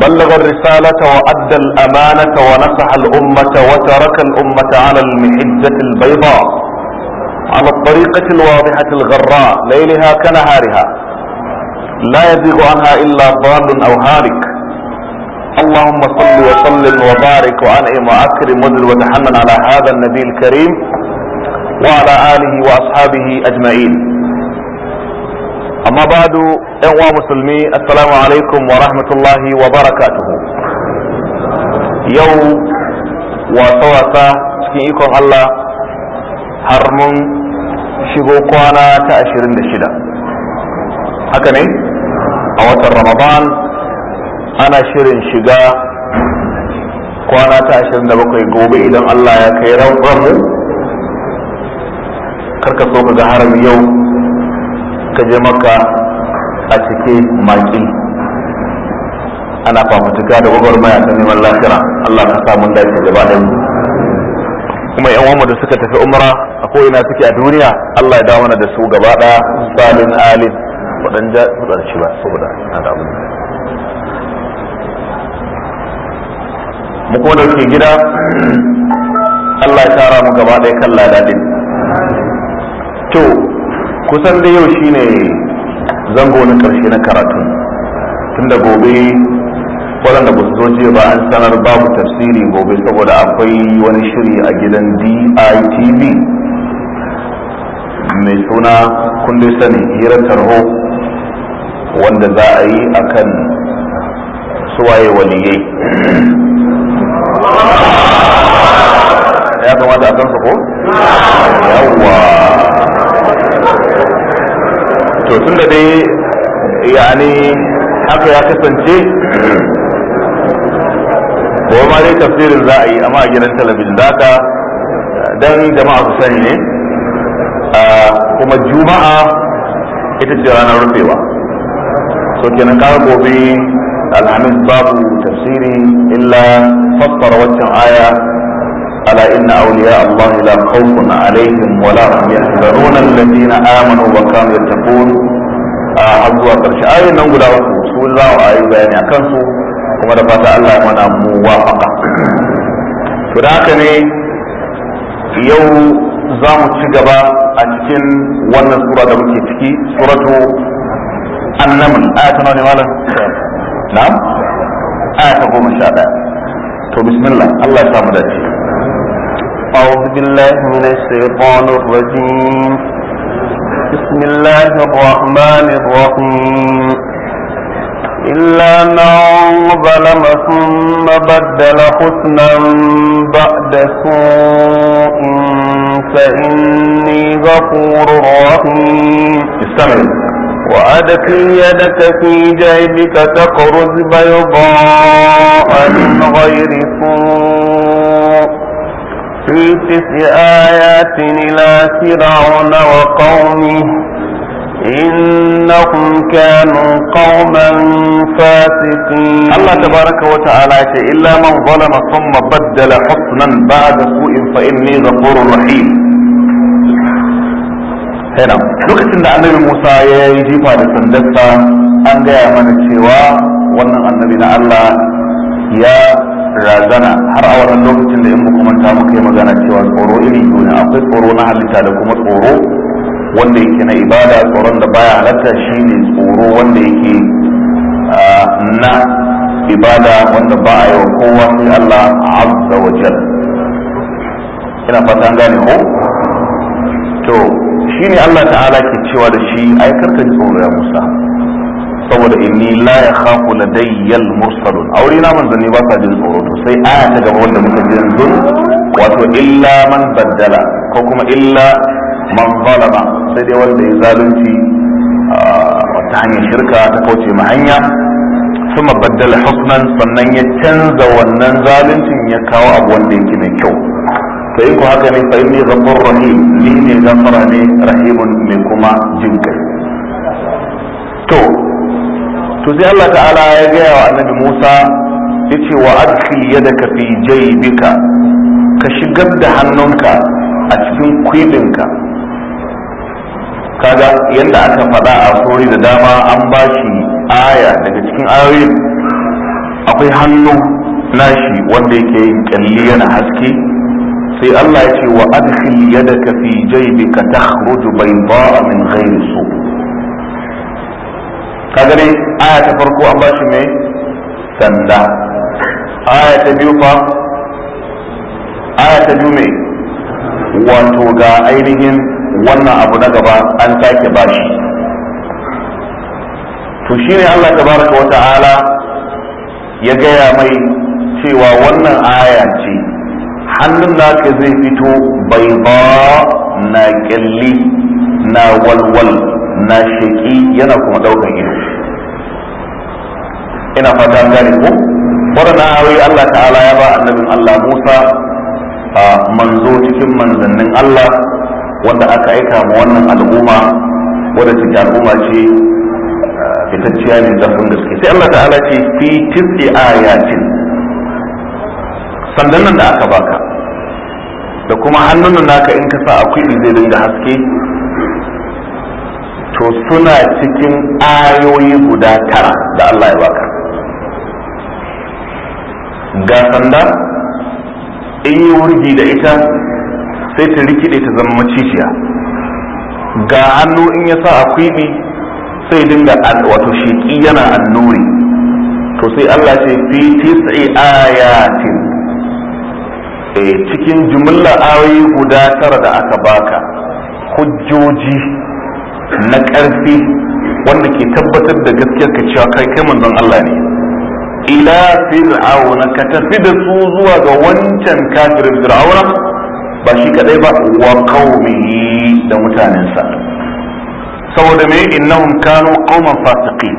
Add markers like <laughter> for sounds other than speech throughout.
بلغ الرسالة وأدى الأمانة ونصح الأمة وترك الأمة على المحجة البيضاء على الطريقة الواضحة الغراء ليلها كنهارها لا يزيغ عنها إلا ضال أو هالك اللهم صل وسلم وبارك وأنعم وأكرم وزل وتحنن على هذا النبي الكريم وعلى آله وأصحابه أجمعين amma bado yan uwa musulmi assalamu alaikum wa rahmatullahi wa barakatuhu yau wasa wasa cikin ikon Allah har mun shigo kwana ta 26 haka ne a watan ramadan ana shirin shiga kwana ta 27 gobe idan Allah ya kai ranar mu karka so ka ga haram yau ka je maka a cike maki ana fafutuka da gwagwarmaya ta neman lafiya Allah ka samu ka gaba da kuma yan uwanmu da suka tafi umra a ko ina suke a duniya Allah ya dawo da su gaba da salin alin wadan ja kudarci ba saboda ana abin mu kuma da ke gida Allah ya tara mu gaba da kan ladadin to kusan da yau shine zango na karshe na karatu tunda gobe waɗanda ba su zo jiya ba an sanar babu tafsiri gobe saboda akwai wani shiri a gidan DITV mai suna kundin sani hirar tarho wanda za a yi akan suwaye waliyai ya kamata a kansa ko yawwa to tun da dai yani haka ya kasance ko ma dai tafsirin za a yi amma a gidan talabijin da haka dan jama'a su sani ne kuma juma'a ita ce ranar rufewa so kenan kawo gobe alhamis babu tafsiri illa fassara waccan aya ألا إن أولياء الله لا خوف عليهم ولا هم يحزنون الذين آمنوا وكانوا يتقون أعزوا قرش آية نقول رسول الله آية بيان يكنسوا كما دفعت الله منا موافقة فذاكني يوم زام تجبا أنتن وانا سورة دمكي تكي سورة النمل آية نوالا نعم آية قوم الشعب تو بسم الله الله يسامو داتي أعوذ بالله من الشيطان الرجيم بسم الله الرحمن الرحيم إلا من ظلم ثم بدل حسنا بعد سوء فإني غفور رحيم استمع وأدخل يدك في جيبك تقرز بيضاء من غير سوء في تسع آيات إلى فرعون وقومه إنهم كانوا قوما فاسقين الله تبارك وتعالى إلا من ظلم ثم بدل حسنا بعد سوء فإني غفور رحيم هنا لوكتين da annabi موسى يجيب على سندسة أن sandarsa الشواء وأن النبي الله يا razana har a wannan lokacin da in ta muka yi magana cewa tsoro iri duniya akwai tsoro na halitta da kuma tsoro wanda yake na ibada tsoron da baya halatta shi ne tsoro wanda yake na ibada wanda ba a yi wa kowa sai Allah azza wa jal ina fata an gane ko to shine Allah ta'ala ke cewa da shi ai tsoro ya Musa saboda inni la yakhafu ladayyal mursalun aure na manzanni ba sa jin tsoro to sai aya ta gaba wanda muka ji yanzu wato illa man baddala ko kuma illa man zalama sai dai wanda ya zalunci ta hanyar shirka ta kauce ma hanya kuma baddala husnan sannan ya canza wannan zaluncin ya kawo abu wanda yake mai kyau to in ku haka ne fa inni ghafur rahim ni ne ghafara ne rahimun mai kuma jinkai to to sai Allah ta'ala ya gaya wa annabi Musa ya ce wa adkhil yadaka fi jaybika ka shigar da hannunka a cikin kwibinka kaga yadda aka faɗa a sori da dama an bashi aya daga cikin ayoyin akwai hannu nashi wanda yake kalli yana haske sai Allah ya ce wa adkhil yadaka fi jaybika takhruju bayda min ghairi su' kaga dai aya ta farko an bashi mai sanda aya ta biyu fa aya ta biyu mai wato ga ainihin wannan abu na gaba an sake bashi to shine Allah tabaraka wa ta'ala ya gaya mai cewa wannan aya ce hannun naka zai fito bai ba na kyalli na walwal na sheƙi yana kuma ɗaukar ido ina fata an gane ko waɗannan ayoyi Allah ta'ala ya ba annabin Allah Musa a manzo cikin manzannin Allah wanda aka aika ma wannan al'umma wadda cikin al'umma ce fitacciya ne zafin gaske sai Allah ta'ala ce fi tis'i ayatin sandan nan da aka baka da kuma hannun naka in ka sa akwai zai dinga haske to suna cikin ayoyi guda tara da Allah ya baka ga sanda in yi wurgi da ita sai ta rikide ta zama macijiya ga hannu in ya sa a kwibi sai dinga wato sheki yana annuri to sai Allah ce fi tis'i ayatin e cikin jumla ayoyi guda tara da aka baka hujjoji na ƙarfi wanda ke tabbatar da gaskiyar ka cewa kai kai manzon Allah ne ila fir'auna ka tafi da su zuwa ga wancan kafirin fir'auna ba shi kadai ba wa qaumihi da mutanensa saboda me innahum kanu qauman fasiqin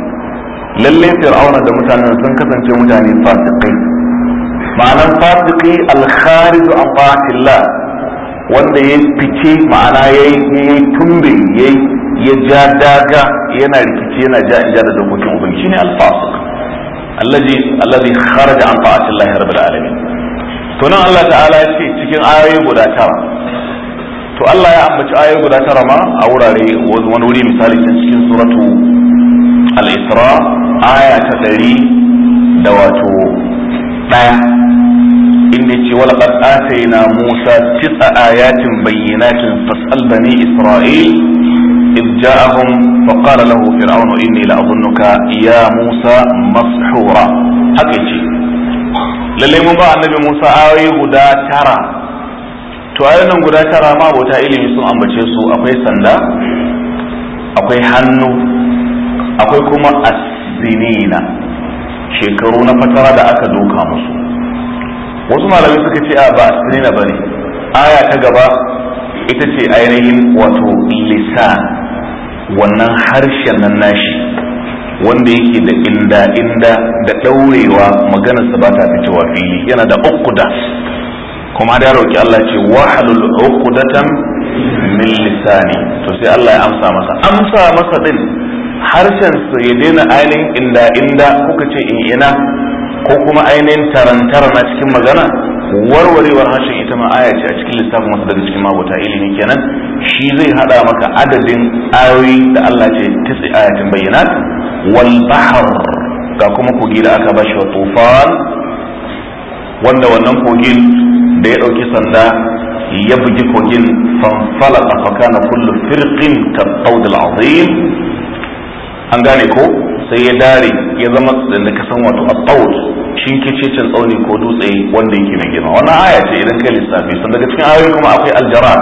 lalle fir'auna da mutanen sun kasance mutane fasiqai ma'anar fasiki al-kharij an ta'atillah wanda ya fice ma'ana ya yi tumbe ya ja daga yana rikici yana ja in ja da dokokin ubangiji shine al-fasiq allazi allazi kharaja an ta'atillahi rabbil alamin to nan Allah ta'ala ya ce cikin ayoyi guda tara to Allah ya ambaci ayoyi guda tara ma a wurare wani wuri misali cikin suratu al-isra aya ta 100 da wato daya inni ce wala qad atayna musa tis'a ayatin bayyinatin fas'al bani isra'il إذ جاءهم فقال له فرعون إني لأظنك يا موسى مسحورا حقيقي للي مبا النبي موسى آوي guda tara. to a nan guda tara ma bauta ilimi sun ambace su akwai sanda akwai hannu akwai kuma asinina shekaru na fatara da aka doka musu wasu malamai suka ce a ba asirina ba ne aya ta gaba ita ce ainihin wato lisa wannan harshen nan nashi wanda yake da inda inda da ɗaurewa maganarsa ba ta fitowa fili yana da ukuda kuma da roki Allah ce wahalul uqdatan min lisani to sai Allah ya amsa masa amsa masa din harshen su ya daina ainihin inda inda kuka ce in ina ko kuma ainihin tarantara na cikin magana warwarewar harshen ita ma aya ce a cikin lissafin wasu daga cikin mabuta ilimi kenan shi zai hada maka adadin ayoyi da Allah ce tisi ayatin bayyanat wal bahr ga kuma kogi da aka bashi wa tufan wanda wannan kogin da ya dauki sanda ya bugi kogin fanfala a fakana kullu firqin ka azim an gane ko sai ya dare ya zama da ka san wato a tsawon shi ke cecen tsauni ko dutse wanda yake mai girma wannan aya ce idan kai lissafi sun daga cikin ayoyi kuma akwai aljara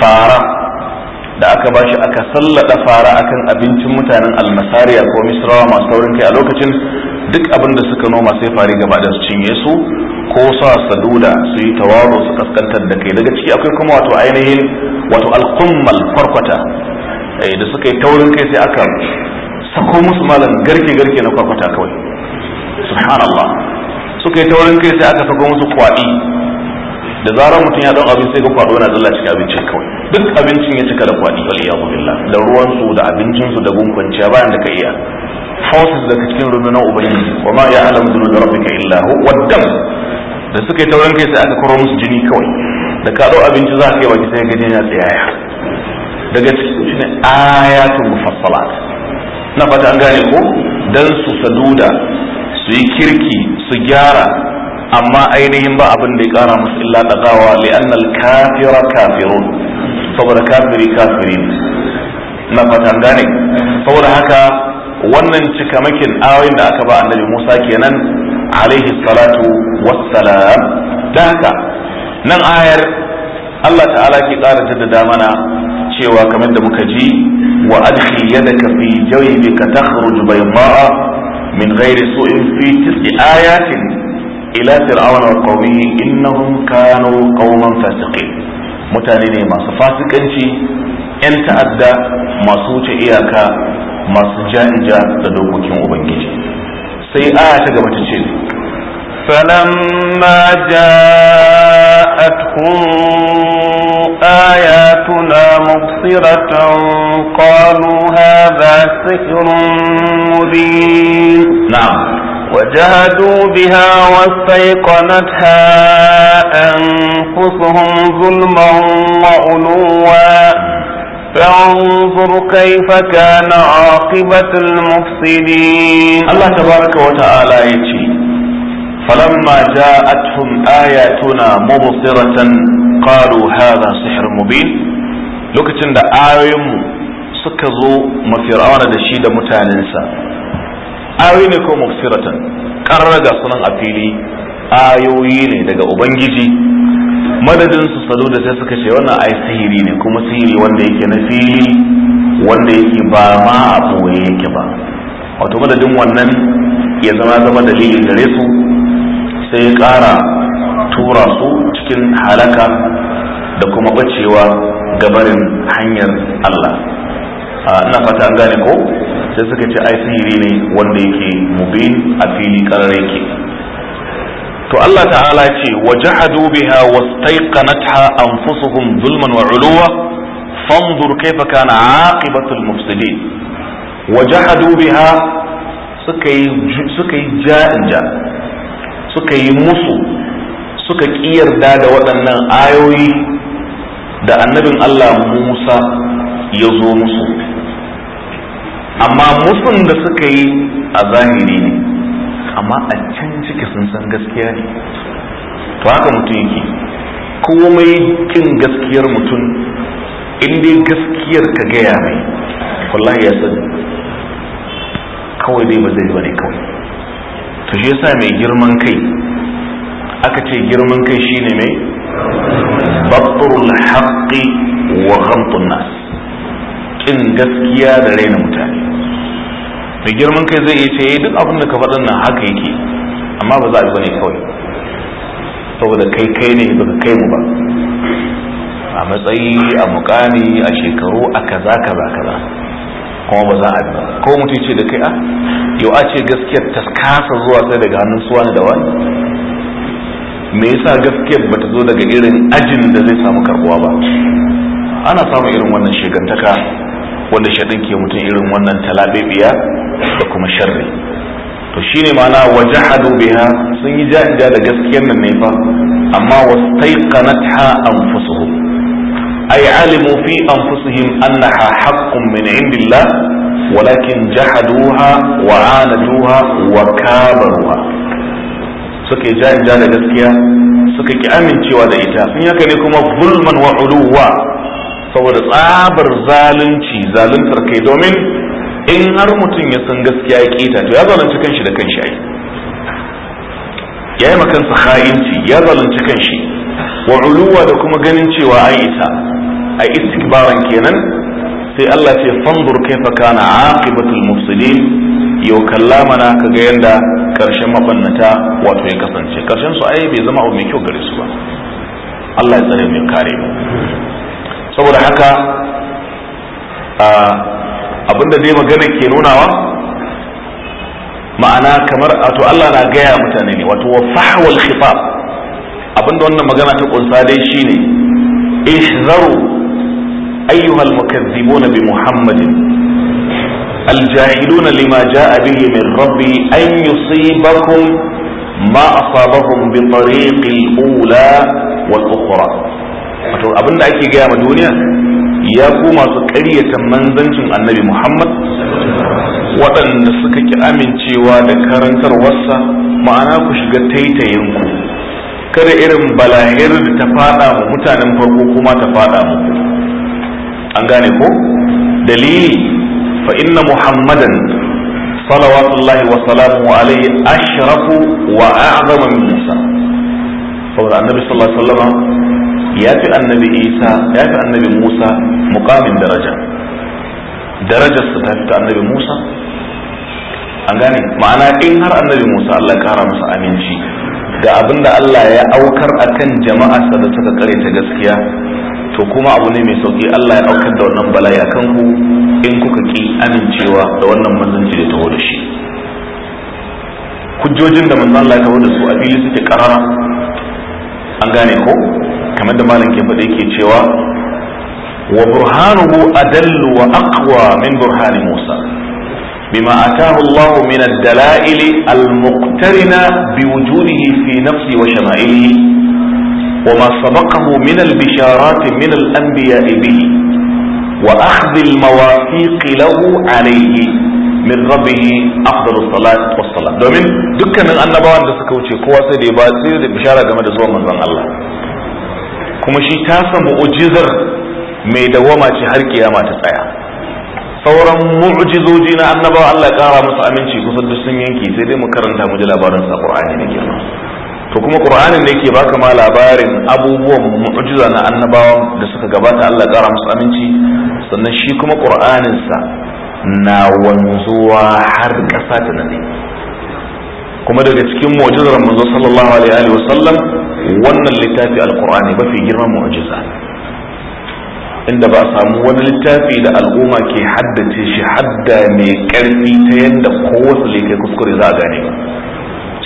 fara da aka ba shi aka sallada fara akan abincin mutanen almasariya ko misrawa masu taurin kai a lokacin duk abin da suka noma sai fari gaba da su cinye su ko sa saduda su yi tawaro su kaskantar da kai daga ciki akwai kuma wato ainihin wato alkummal farkwata eh, da suka yi taurin kai sai aka sako musu malam garke garke na kwakwata kawai subhanallah suka yi taurin kai sai aka sako musu kwaɗi da zarar mutum ya dan abin sai ga kwaɗo yana zalla cikin abincin kawai duk abincin ya cika da kwaɗi wal iyadu billah da ruwan su da abincin su da gunkunciya bayan da ka iya forces daga cikin rundunar ubangiji wa ma ya'lamu dunuba rabbika illa hu waddam da suka yi taurin kai sai aka koro musu jini kawai da ka abinci za ka yi baki sai ka je na tsayaya daga cikin shi ne ayatul mufassalat na fata an gane ko dan su saduda su yi kirki su gyara amma ainihin ba abin da ya kara musu illa dagawa li'anna al-kafira kafirun saboda kafiri kafiri na fata an gane saboda haka wannan cikamakin ayoyin da aka ba annabi Musa kenan alaihi salatu wassalam da nan ayar Allah ta'ala ke ƙara jaddada mana cewa kamar da muka ji وأدخل يدك في جيبك تخرج بيضاء من غير سوء في تسع آيات إلى فرعون وقومه إنهم كانوا قوما فاسقين متانين ما صفاتك أنت أن تأدى ما سوت إياك ما سجانجا تدوكك وبنجي سيئات قبل تشيل فلما جاءتهم آياتنا مبصرة قالوا هذا سحر مبين نعم وجهدوا بها واستيقنتها أنفسهم ظلما وعلوا فانظر كيف كان عاقبة المفسدين الله تبارك وتعالى يتي فلما جاءتهم آياتنا مبصرة qalu hadha sihr mubin lokacin da ayoyinmu suka zo mafir'auna da shi da mutanensa ayoyi ne ko mufsiratan karraga sunan a fili ayoyi ne daga ubangiji madadin su salo da sai suka ce wannan ai sihiri ne kuma sihiri wanda yake na fili wanda yake ba ma a boye yake ba wato madadin wannan ya zama zama dalilin gare su sai ya kara tura su cikin halaka da kuma bacewa gabarin hanyar Allah ina fata an gane ko sai suka ce ai ne wanda yake mubin a fili karar ke. to Allah ta'ala ce wa jahadu biha wastaiqanatha anfusuhum zulman wa uluwa fanzur kaifa kana aqibatul mufsidin wa jahadu biha suka yi suka yi ja'inja suka yi musu suka yarda da waɗannan ayoyi da annabin Allah Musa ya zo musu amma musun da suka yi a zahiri ne amma a can ciki sun san gaskiya ne to haka mutum yake komai kin gaskiyar mutum in dai gaskiyar ka gaya mai wallahi ya sani kawai dai ba zai ba ne kawai to shi yasa mai girman kai aka ce girman kai shine mai babbarul haqqi wa ghamtun nas kin gaskiya da raina mutane mai girman kai zai iya ce eh, duk abin da ka faɗin nan haka yake amma ba za a bane kawai saboda kai kai ne baka kai mu ba a matsayi a mukami a shekaru a kaza kaza kaza kuma ba za a ba, ko mutu ce da kai a ah, yau a ce gaskiyar ta zuwa sai daga hannun suwa da wani me yasa gaskiyar bata zo daga irin ajin da zai samu karbuwa ba ana samun irin wannan shigantaka wanda shaɗin ke mutum irin wannan talabibiya, da kuma sharri to shine ma'ana wajahadu biha sun yi ja'ija da gaskiyar nan ne fa amma wastaiqanatha anfusuhum ay alimu fi an annaha haƙƙun min indillah walakin jahaduha wa anaduha wa kabaruha suka yi jayin da gaskiya suka ki amincewa da ita sun yaka ne kuma zulman wa uluwa saboda tsabar zalunci zaluntar kai domin in har mutum ya san gaskiya ya kita to ya zalunci kanshi da kanshi ai ya yi makansa ha'inci ya zalunci kanshi wa uluwa da kuma ganin cewa an ita a istikbaran kenan sai Allah ce fanzur kaifa kana aqibatul mufsidin yau kalla mana kaga yanda karshen mabannata wato ya kasance karshen su ai bai zama abu mai kyau gare su ba Allah ya tsare mai kare mu saboda haka abinda dai magana ke nunawa ma'ana kamar wato Allah na gaya mutane ne wato wafahawal khitab abinda wannan magana ta kunsa dai shine ihzaru ayyuhal mukazzibuna bi muhammadin الجاهلون لما جاء به من ربي أن يصيبكم ما أصابهم بطريق الأولى والأخرى abin da ake gaya ma duniya ya ku masu ƙaryata manzancin annabi muhammad waɗanda suka ki amincewa da karantarwarsa ma'ana ku shiga taitayinku kada irin balahir da ta faɗa mu mutanen farko kuma ta faɗa mu an gane ko dalili فإن محمدا صلوات الله وسلامه عليه أشرف وأعظم من موسى saboda annabi sallallahu alaihi wasallam ya fi annabi musa mukamin daraja darajar su ta fita annabi musa an gane ma'ana in har annabi musa allah ya kara masa aminci da abinda allah ya aukar kan jama'arsa da suka kare ta gaskiya to kuma abu ne mai sauki allah ya aukar da wannan bala'i akan ku in kuka ki amincewa da wannan manzanci da taho da shi hujjojin da manzon Allah ya da su a fili suke karara an gane ko kamar da malam ke faɗa yake cewa wa burhanuhu adallu wa aqwa min burhani Musa بما آتاه الله من الدلائل المقترنة بوجوده في نفسه وشمائله وما سبقه من البشارات من الأنبياء به وأخذ المواثيق له عليه min ربه أفضل الصلاة والسلام دومين دكا من annabawan da suka wuce kowa sai da ya ba sai da bishara game da zuwan manzon Allah kuma shi ta samu mu'jizar mai dawama ce har kiyama ta tsaya sauran mu'jizoji na annabawa Allah ya kara musu aminci kusan duk sun yanke sai dai mu karanta mu ji labarin sa Qur'ani ne girma to kuma qur'anin ne ke baka ma labarin abubuwan mu'jiza na annabawa da suka gabata Allah ya kara musu aminci sannan shi kuma ƙur'aninsa na wanzuwa har ƙasa ta nade kuma daga cikin mu'jizar manzo sallallahu alaihi wa sallam wannan littafi alqur'ani fi girman mu'jiza inda ba samu wani littafi da al'umma ke haddace shi hadda mai karfi ta yadda kowace lekai kuskure za a gane ba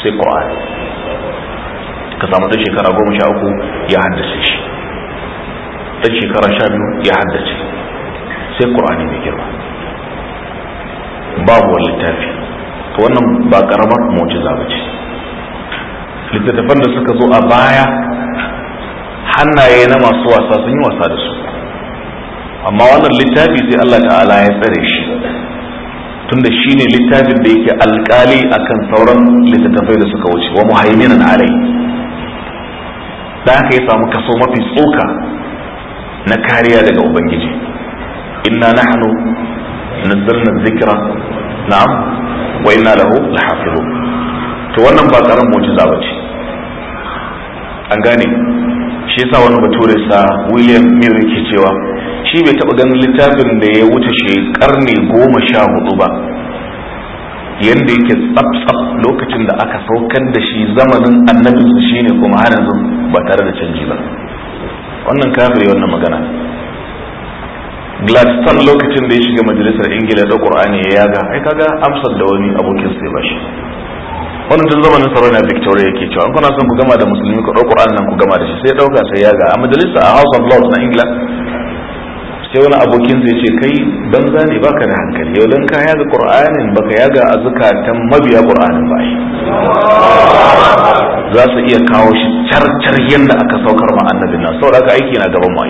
sai qur'ani ka samu ta shekara goma sha uku ya haddace shi ta shekara sha biyu ya haddace sai qur'ani mai girma babu wani littafi to wannan ba karamar mu'jiza ba ce littattafan da suka zo a baya hannaye na masu wasa sun yi wasa da su amma wannan littafi sai Allah ta'ala ya tsare shi tunda shi ne littafin da yake alkali akan sauran littattafai da suka wuce wa muhaiminan alai da haka ya samu kaso mafi tsoka na kariya daga ubangiji inna نحن نزلنا dhikra na'am وإنا له lahu توانا to wannan ba karan shi yasa wani bature sa William Mill ke cewa shi bai taba ganin littafin da ya wuce shi karni goma sha hudu ba yanda yake tsaf-tsaf lokacin da aka saukar da shi zamanin annabinsa shine kuma har yanzu ba tare da canji ba wannan kafiri wannan magana gladstone lokacin da ya shiga majalisar ingila da qur'ani ya yaga ai kaga amsar da wani abokin sai ba shi wannan tun zamanin sarauniya victoria yake cewa an kuna son ku gama da musulmi ku ɗau qur'ani nan ku gama da shi sai ya ɗauka sai yaga a majalisa a house of lords na ingila sai wani abokin zai ce kai banza ne baka da hankali yau dan ka yaga ba baka yaga a mabiya ƙur'anin ba shi za su iya kawo shi carcar yadda aka saukar ma annabi na saboda haka aiki na gaban mu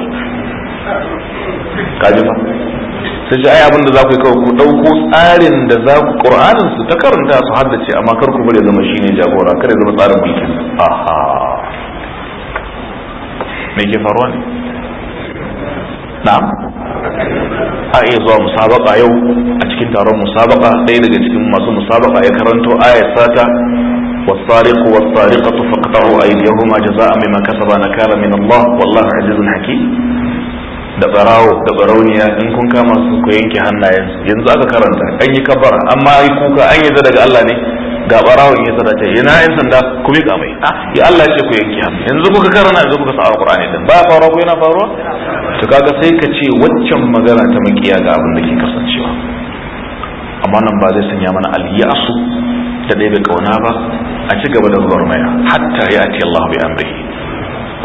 kajima sai shi ai abinda za ku yi kawai ku ɗauko tsarin da za ku ƙur'anin su ta karanta su haddace amma kar ku bari zama shine jagora kar ya zama tsarin mulkin aha me ke faruwa ne na'am a iya zuwa musabaka yau a cikin taron musabaka ɗaya daga cikin masu musabaka ya karanto ayar sata والسارق والسارقة فاقطعوا أيديهما جزاء بما كسبا نكالا من الله والله عزيز حكيم da barawo da barauniya in kun kama su ku yanke hannayensu yanzu aka karanta an yi kabara amma ai kuka an yi daga Allah ne ga barawo ya sada ce yana yin sanda ku bi kamai ah, ya Allah ce ku yanke hannu yanzu kuka karanta yanzu kuka sa alqur'ani din ba faruwa ko yana faruwa to kaga sai ka ce waccan magana ta makiya ga abin da ke kasancewa amma nan ba zai sanya mana asu da dai bai kauna ba a ci gaba da zubar maya hatta ya ce Allah bi amrihi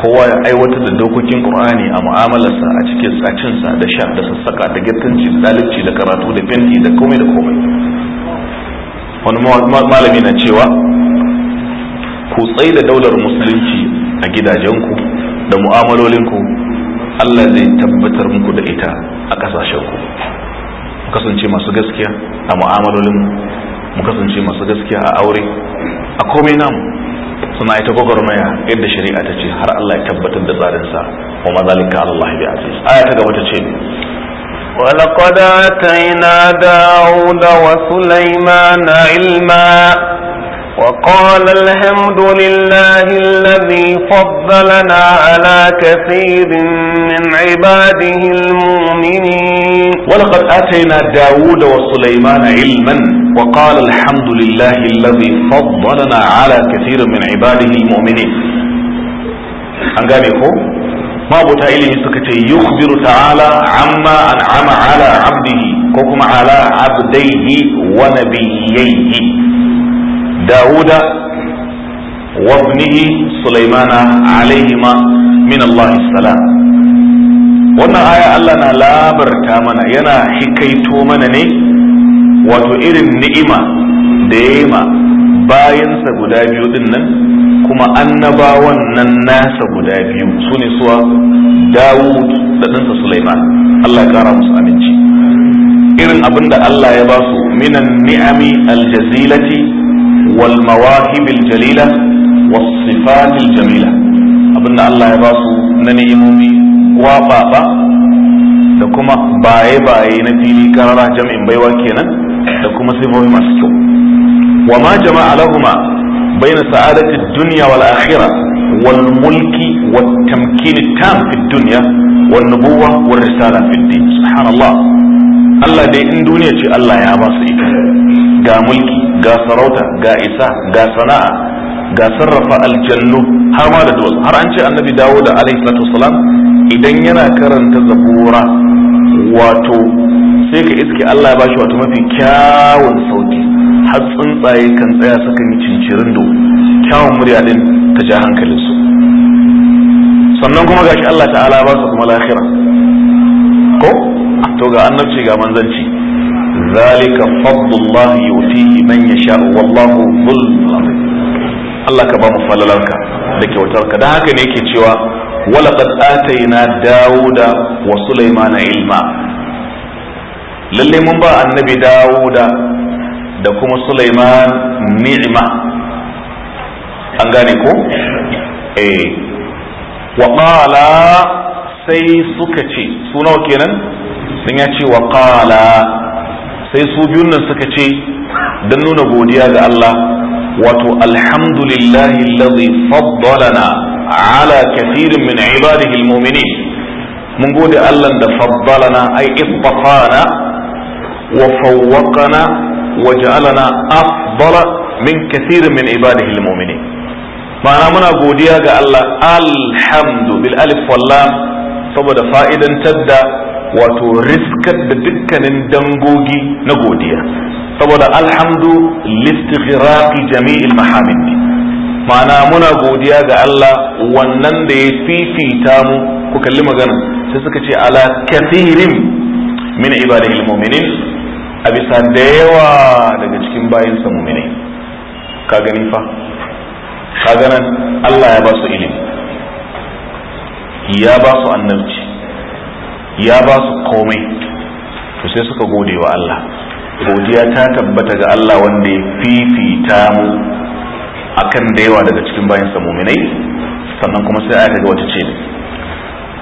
kowa ya aiwatar da dokokin qur'ani a mu'amalarsa a cikin tsacinsa da sha da sassaka da girkanci da dalibci da karatu da fenti da komai da komai wani malami na cewa ku tsai da daular musulunci a gidajenku da mu'amalolinku Allah zai tabbatar muku da ita a ƙasashenku mu kasance masu gaskiya a mu'amalolinku. mu kasance masu gaskiya a aure a komai namu suna ita gwagwarmaya yadda shari'a ta ce har Allah ya tabbatar da tsarinsa wa mazalika Allah bi aziz aya ta gaba ta ce ولقد آتينا داود وسليمان ilma. وقال الحمد لله الذي فضلنا على كثير من عباده المؤمنين ولقد آتينا داود وسليمان علما وقال الحمد لله الذي فضلنا على كثير من عباده المؤمنين أنقابيكم ما بوتا إلي سكتي يخبر تعالى عما أنعم على عبده كوكم على عبديه ونبييه داود وابنه سليمان عليهما من الله السلام wannan aya Allah na labarta mana yana hikaito mana ne wato irin ni'ima da ya yi ma bayansa guda biyu din nan kuma annabawan nan nasa guda biyu su ne suwa Dawud da ɗansa Suleiman. Allah ya kara musu aminci irin abin da Allah ya ba su minan ni'ami aljazilati والمواهب الجليلة والصفات الجميلة أبن الله يباسو نني إمومي وابابا da kuma baye-baye na fili karara jam'in baiwa kenan da kuma sifofi masu kyau wa ma jama'a lahuma bayna sa'adati dunya wal akhira wal mulki wat tamkin tam fi dunya wan nubuwa war risala fi din subhanallah Allah dai in duniya ce Allah ya ba su ita ga mulki ga sarauta ga isa ga sana'a ga sarrafa aljannu har ma da duwatsu har an ce annabi dawo da alaihi salatu wasalam idan yana karanta zabura wato sai ka iske Allah ya bashi wato mafi kyawun sauki har tsuntsaye kan tsaya saka yi cincirin do kyawun murya din ta ja hankalinsu sannan kuma gashi Allah ta'ala ba su kuma lahira ko to ga annabci ga manzanci zalika fadlullah yutihi man yasha wallahu dhul Allah ka ba mu da kyautarka dan haka ne yake cewa walaqad atayna dauda wa sulaimana ilma lalle mun ba annabi Dawuda da kuma sulaiman ni'ma an gane ko eh sai suka ce su nawa kenan sun ya ce wa sai su biyun nan suka ce don nuna godiya ga Allah wato alhamdulillahi allazi faddalana ala kathirin min ibadihi almu'minin mun gode Allah da faddalana ai ittafana wa fawwaqana wa ja'alana afdala min kathirin min ibadihi almu'minin ma'ana muna godiya ga Allah alhamdu bil alif wal saboda fa'idantar da wato riskar da dukkanin dangogi na godiya saboda alhamdu listighraqi jami'il mahamin ne ma'ana muna godiya ga Allah wannan da ya fifita mu ku kalli magana sai suka ce ala kathirin min ibadihil mu'minin a bisa da daga cikin bayansa mu'minai ka gani fa ka ganin Allah ya ba su ilimi ya ba su annabci ya ba su komai to sai suka gode wa Allah godiya ta tabbata ga Allah wanda ya fifita mu akan da yawa daga cikin bayan muminai sannan kuma sai aka ga wata ce ne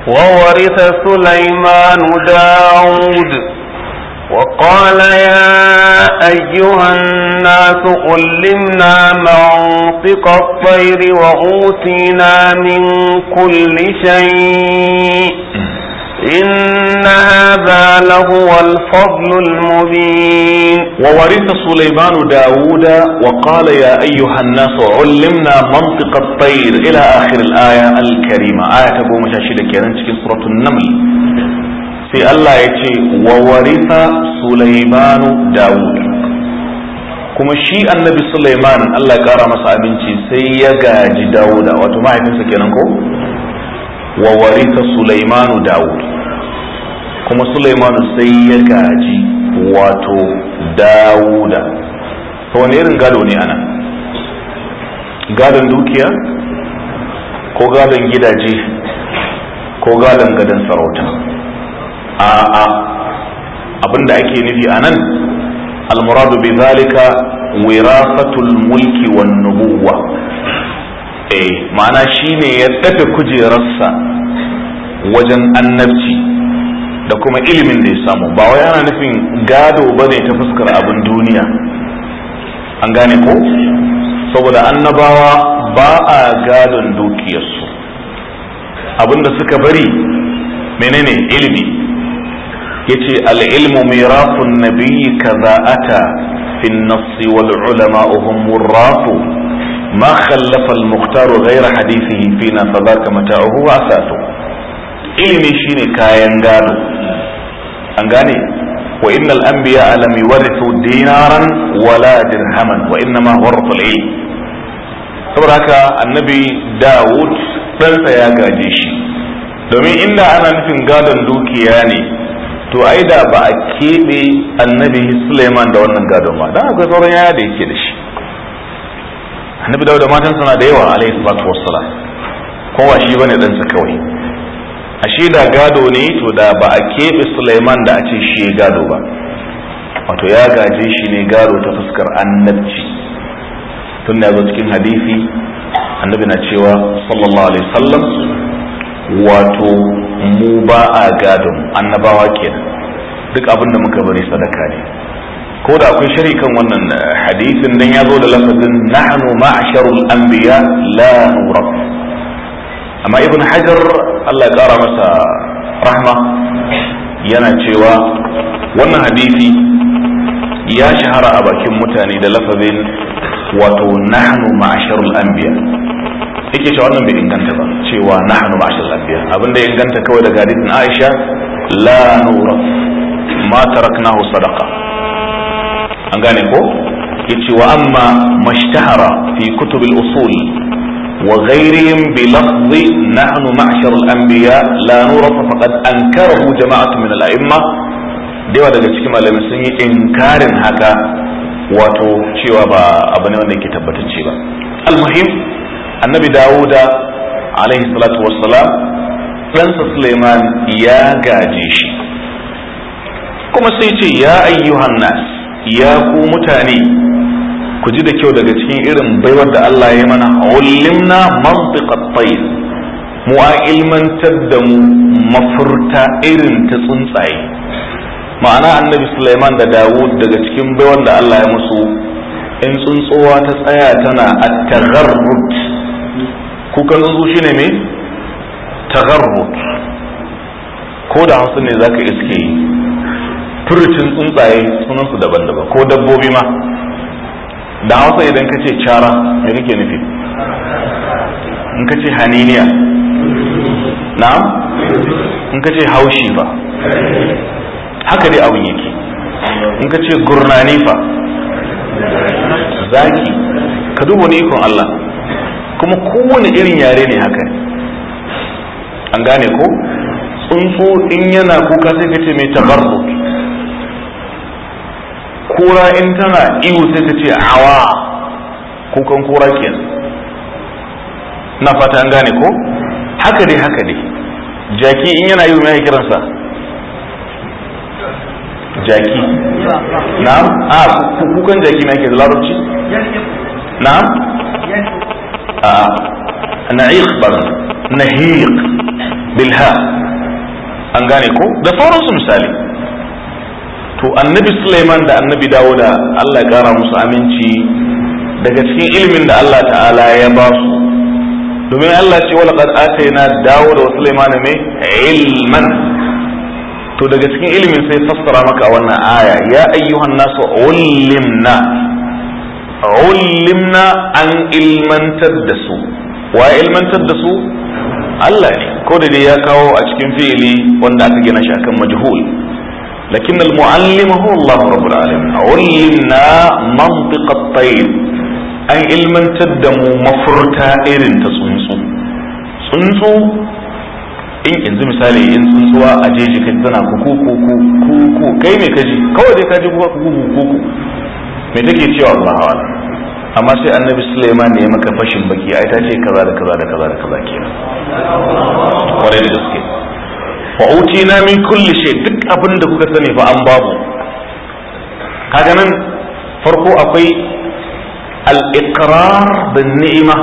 وورث سليمان داود وقال يا أيها الناس علمنا منطق الطير وأوتينا من كل شيء إن هذا لهو الفضل المبين وورث سليمان داود وقال يا أيها الناس علمنا منطق الطير إلى آخر الآية الكريمة آية أبو مشاشدة كانت في سورة النمل في الله يتي وورث سليمان داود kuma shi annabi Sulaiman Allah ya kara masa abinci sai ya gaji Dawuda wato mahaifinsa kenan ko wa warisa sulaimanu dawud kuma sulaimanu sai ya gaji wato dawuda to wani irin gado ne ana gadon dukiya ko gadon gidaje ko gadon gadon sarauta a'a abinda ake nufi a nan almuradu bi zalika wirasatul mulki wan nubuwa eh ma'ana shine ya dafe kujerarsa wajen annabci da kuma ilimin da ya samu ba wai ana nufin gado bane ta fuskar abin duniya an gane ko saboda annabawa ba a gadon dukiyarsu abinda suka bari menene ilimi yace al-ilmu mirafun nabiyyi kaza fi an-nass wal ulama hum ما خلف المختار غير حديثه فينا فذاك متاعه وعساته ilimi shine kayan gado an gane wa innal anbiya lam yuwarithu dinaran wala dirhaman wa ma warathu al-ilm saboda haka annabi Dawud ɗansa ya gaje shi domin inda ana nufin gadon dukiya ne to ai da ba a keɓe annabi Suleiman da wannan gadon ba dan akwai sauran yaya da yake da shi annabi dawo da matan na da yawa alayhi salatu wassalam kowa shi bane dan sa kawai ashe da gado ne to da ba a keɓe Sulaiman da a ce shi ya gado ba wato ya gaje shi ne gado ta fuskar annabci tun da zo cikin hadisi annabi na cewa sallallahu alaihi wasallam wato mu ba a gadon annabawa kenan duk abin da muka bari sadaka ne ko da akwai shari kan wannan eh, hadisin dan ya zo da lafazin nahnu ma'sharul anbiya la nuraf amma ibn hajar Allah ya kara masa rahma yana cewa wannan hadisi ya shahara a bakin mutane da lafazin wato nahnu ma'sharul anbiya yake cewa wannan bai inganta ba cewa nahnu ma'sharul anbiya abinda ya inganta kawai daga hadisin Aisha la nuraf ma taraknahu sadaqa an gane ko yace wa amma mashtahara fi kutubil usul wa ghayrihim bi lafzi nahnu ma'shar al anbiya la nurafa faqad ankarahu jama'atun min al a'imma dewa daga cikin malamai sun yi inkarin haka wato cewa ba abu ne wanda yake tabbatacce ba muhim, annabi dawuda alaihi salatu wassalam ɗansa suleiman ya gaje shi kuma sai ce ya ayyuhan nas ya ku mutane ku ji da kyau daga cikin irin baiwar da Allah ya mana ulimna mantiqat tayr mu a ilmantar da mu mafurta irin ta tsuntsaye ma'ana annabi Sulaiman da Dawud daga cikin baiwar da Allah ya musu in tsuntsuwa ta tsaya tana at-tagharrud kukan tsuntsu shine me tagharrud ko da hausa ne zaka iske furucin tsuntsaye sunansu daban-daban ko dabbobi ma da hausa idan ka ce cara me kake nufi in ka ce haniniya na'am in ka ce haushi ba haka dai abin yake in ka ce gurnani fa zaki ka duba ni ikon Allah kuma kowane irin yare ne haka ne an gane ko tsuntsu in yana kuka sai ka ce mai tabarruk kura in tana ihu sai ta ce awa kukan kura ke. na fata an gane ko haka dai haka dai jaki in yana ihu mai kiransa jaki na'am a ah, kukan jaki mai ke da larabci na'am a na'iq bar nahiq bilha an gane ko da sauransu misali to annabi Sulaiman da annabi Dawuda Allah ya kara musu aminci daga cikin ilimin da Allah ta'ala ya ba su domin Allah ce wala yana dawo Dawuda wa Sulaiman ne ilman to daga cikin ilimin sai fassara maka wannan aya ya ayyuhan nasu ulimna ulimna an ilmantar da su wa ilmantar da su Allah ne ko da dai ya kawo a cikin fi'ili wanda aka gina shi akan majhul لكن المعلم هو الله رب العالمين علمنا منطق الطيب أي علما تدمو مفرتا إرن تصنصو tsuntsu in yanzu misali in tsuntsuwa a jeji ka tana kuku kuku kuku kai me kaji kawai dai kaji kuka kuku kuku me take cewa Allahu amma sai annabi Sulaiman ne maka fashin baki ai ta ce kaza da kaza da kaza da kaza kenan kwarai da gaske fa na min kulli shay duk abin da kuka sani fa an babu kaga nan farko akwai al-iqrar bin ni'ima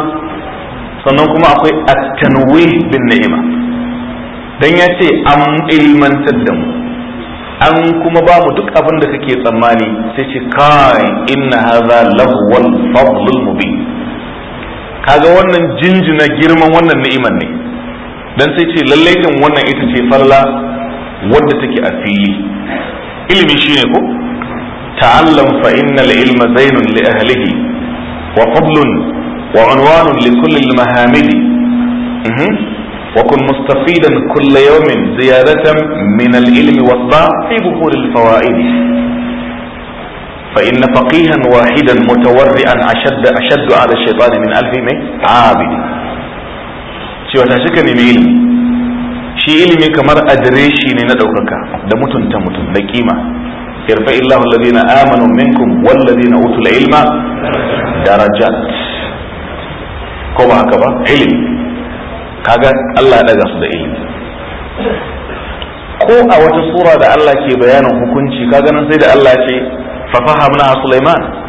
sannan kuma akwai at-tanwih bin ni'ima dan ya ce an ilmantar da mu an kuma ba mu duk abin da kake tsammani sai ce kai inna hadha lahwal fadlul mubin kaga wannan jinjina girman wannan ni'iman ne dan sai ce lallai kan wannan ita ce falla wadda take a fili ilimi shine ko ta'allam fa innal ilma zainun li ahlihi wa fadlun wa unwanun li kulli al mahamidi وكن مستفيدا كل يوم زيادة من العلم والضاء في بحور الفوائد فإن فقيها واحدا متورعا أشد أشد على الشيطان من ألف عابد cewa tashi ka nemi ilimi shi ilimi kamar adireshi ne na ɗaukaka da mutunta mutum da kima yarfa illahu alladhina amanu minkum walladhina utul ilma darajat ko ba haka ba ilimi kaga Allah ya daga su da ilimi ko a wata sura da Allah ke bayanin hukunci kaga nan sai da Allah ce fa fahamna Sulaiman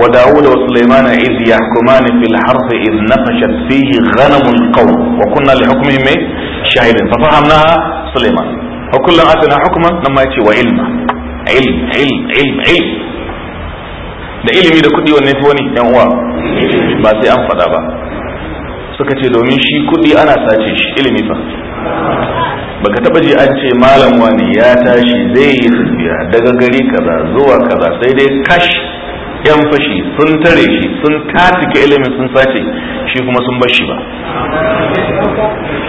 وداود وسليمان إذ يحكمان في الحرث إذ نفشت فيه غنم القوم وكنا لحكمهم شاهدا ففهمناها سليمان وكلا آتنا حكما لما يأتي وعلما علم علم علم علم da ilimi da kuɗi wanne fi wani yan uwa ba sai an faɗa ba suka ce domin shi kuɗi ana sace shi ilimi fa baka taba ji an ce malam wani ya tashi zai yi tasbiya daga gari kaza zuwa kaza sai dai kash yan fashi sun tare shi sun katike ilimin sun sace shi kuma sun bar shi ba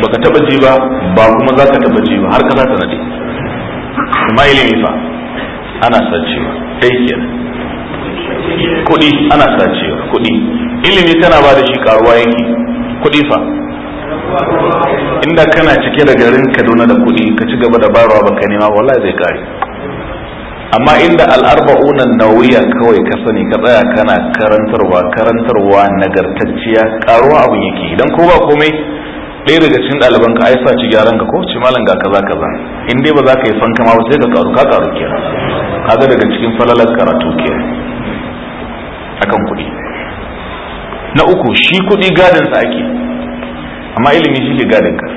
baka taba ji ba ba kuma za ka taba ji ba har ka zata nade kuma ilimi fa ana sacewa dai ke kuɗi ana sacewa kuɗi ilimi kana ba da shi karuwa yake kuɗi fa inda kana cike da garin kaduna da kuɗi ka ci gaba da barawa baka nema wallahi zai kare amma inda al'arba'unan nawiya kawai ka sani ka tsaya kana karantarwa karantarwa nagartacciya karuwa abin yake idan ko ba komai ɗaya daga cikin ɗaliban ka aisa ci gyaran ka ko ci malam ga kaza kaza in dai ba za ka yi fanka ma ba sai ka karu ka karu ke kaga daga cikin falalar karatu ke akan kuɗi na uku shi kuɗi gadin sa ake amma ilimi shi ke gadin ka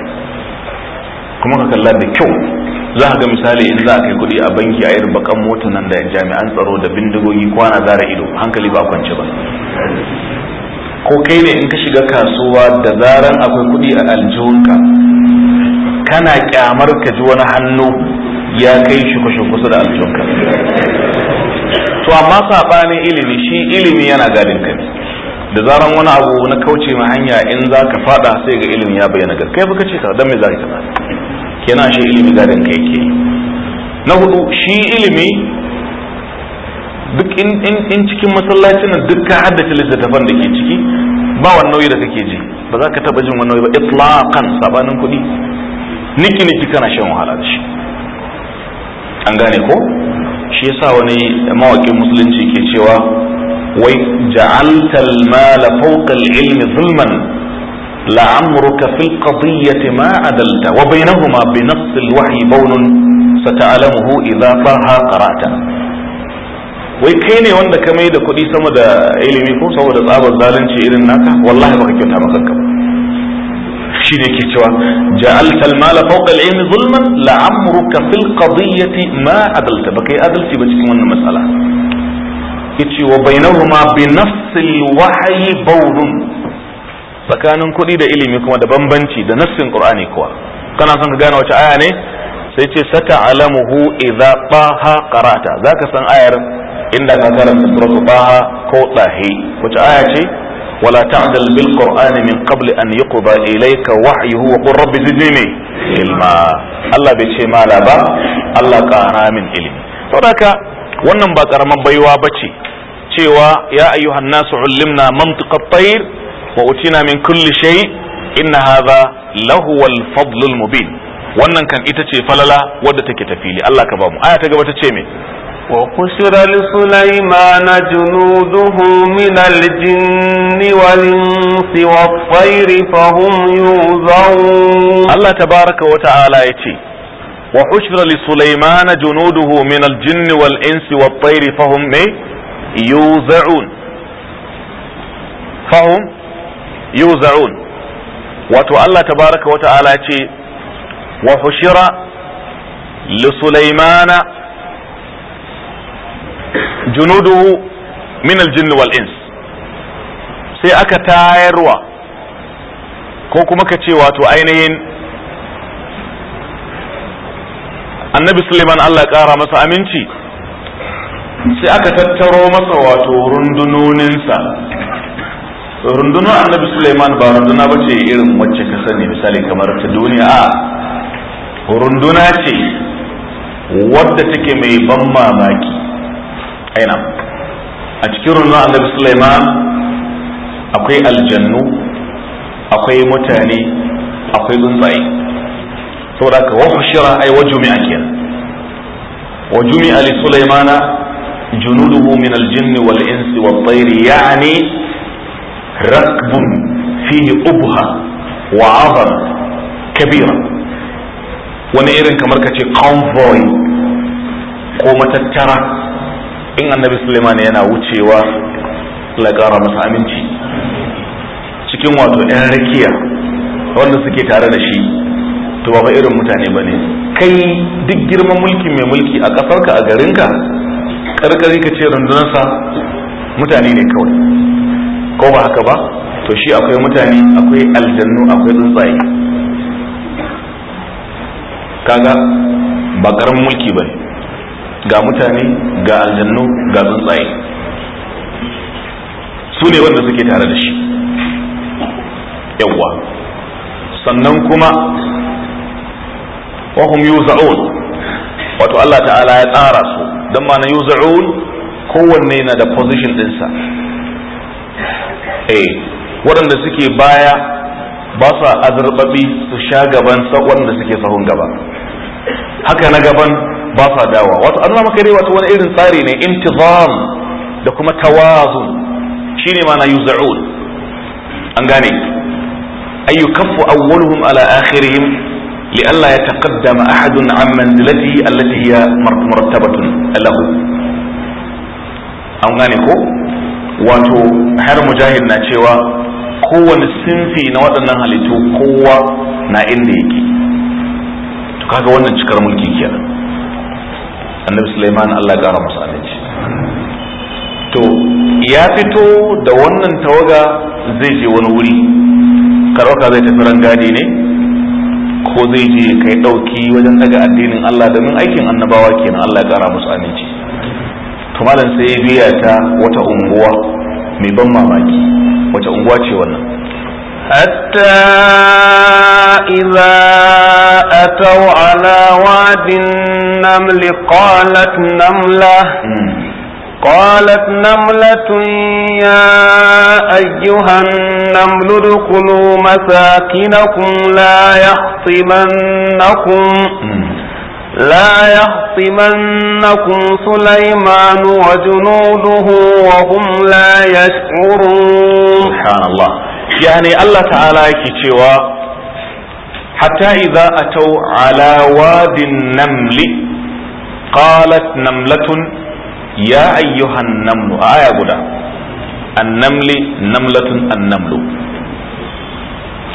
kuma ka kalla da kyau za ga misali in za a kai kuɗi a banki a irin bakan mota nan da jami'an tsaro da bindigogi kwana zara ido hankali ba kwance ba ko kai ne in ka shiga kasuwa da zaran akwai kuɗi a aljihunka kana kyamar ka ji wani hannu ya kai shi kushe kusa da aljihunka to amma saɓanin ilimi shi ilimi yana gadin kai da zaran wani abu na kauce ma hanya in za ka fada sai ga ilimi ya bayyana gaskiya baka ce ka dan me za ka Yana shi ilimi gadon kai ke na hudu shi ilimi duk in cikin masallacin duk ka haddace littattafan da ke ciki ba wani nauyi da kake ji ba za ka taba jin wani nauyi ba itlaqan sabanin kuɗi niki niki kana shan wahala da shi an gane ko shi yasa wani mawakin musulunci ke cewa wai ja'altal mala fawqa al-ilmi zulman لعمرك في القضية ما عدلت وبينهما بنص الوحي بون ستعلمه إذا طه قرأت wai kai ne wanda ka mai da kuɗi sama da ilimi ko da tsabar zalunci irin naka wallahi baka kyauta ba kanka shi ne ke cewa ja'alta al-mala fawqa al-ilmi zulman la'amruka fil qadiyyati ma adalta baka yi adalci ba cikin wannan matsala yace wa bainahuma bi nafsil wahyi bawdun tsakanin kuɗi da ilimi kuma da bambanci da nassin qur'ani kuwa kana son ka gane wace aya ne sai ce sata alamuhu idza taha qara'ata zaka san ayar inda ka karanta suratul taha ko tahi wace aya ce wala ta'dal bil qur'ani min qabli an yuqda ilayka wahyuhu wa qur rabbi zidni ilma Allah bai ce mala ba Allah kara min ilimi saboda wannan ba karaman baiwa bace cewa ya ayyuhan nasu ullimna mantiqat tayr wa min kulli shai inna hadha lahu wal mubin wannan kan ita ce falala wadda take tafili Allah ka ba mu aya ta gaba ta ce me وقشر لسليمان جنوده من الجن والانس والطير فهم يوزعون الله تبارك وتعالى يتي وحشر لسليمان جنوده من الجن والانس والطير فهم يوزعون فهم yuza'un wato Allah tabaraka wa ta'ala ce wa hushira li sulaimana junuduhu min al-jinn wal ins sai aka tayarwa ko kuma ka ce wato ainihin annabi Suleiman Allah ƙara masa aminci sai aka tattaro masa wato rundunoninsa rundunar annabi Suleiman ba runduna ba ce irin wacce ka sani misali kamar ta duniya a runduna ce wadda take mai ban mamaki aina a cikin runduna annabi Suleiman akwai aljannu akwai mutane akwai tsuntsaye saboda ka wahushira ai wajumi'a kenan wajumi'a li Sulaimana junuduhu min aljinni wal insi wat tayri yani rakbun fihi ubha wa azam wani irin kamar ka ce convoy ko matattara in annabi suleiman yana wucewa lagara masa aminci cikin wato 'yan rakiya wanda suke tare da shi to ba irin mutane ba ne kai duk girman mulki mai mulki a ƙasarka a garinka ƙarƙari ka ce rundunarsa mutane ne kawai ko ba haka ba to shi akwai mutane akwai aljannu akwai tsuntsaye kaga ba karamin mulki bane ga mutane ga aljannu ga tsuntsaye su ne wanda suke tare da shi yawwa sannan kuma wahum yuza'un wato Allah ta'ala ya tsara su dan ma na yuza'un kowanne yana da position ɗinsa eh waɗanda suke baya ba sa azurbabi su sha gaban waɗanda suke sahun gaba haka na gaban ba sa dawa wato an maka dai wato wani irin tsari ne intizam da kuma tawazu shine ma na yuz'ud an gane ay yukaffu awwaluhum ala akhirihim li alla yataqaddama ahadun an manzilatihi allati hiya martabatun lahu an gane ko wato har mujahid na cewa kowane sinfi na waɗannan halittu kowa na inda yake to kaga wannan cikar mulki kenan annabi Sulaiman Allah ya gara masa aminci to ya fito da wannan tawaga zai je wani wuri karauka zai tafi rangadi ne ko zai je kai ɗauki wajen daga addinin Allah domin aikin annabawa kenan Allah ya gara musu aminci malam sai ya biya ta wata unguwa mai ban mamaki wata unguwa ce wannan حتى إذا أتوا على واد النمل قالت نملة قالت نملة يا أيها النمل ادخلوا مساكنكم لا يحطمنكم لا يحطمنكم سليمان وجنوده وهم لا يشعرون سبحان الله يعني الله تعالى كتوى حتى إذا أتوا على واد النمل قالت نملة يا أيها النمل آية بدا النمل نملة النمل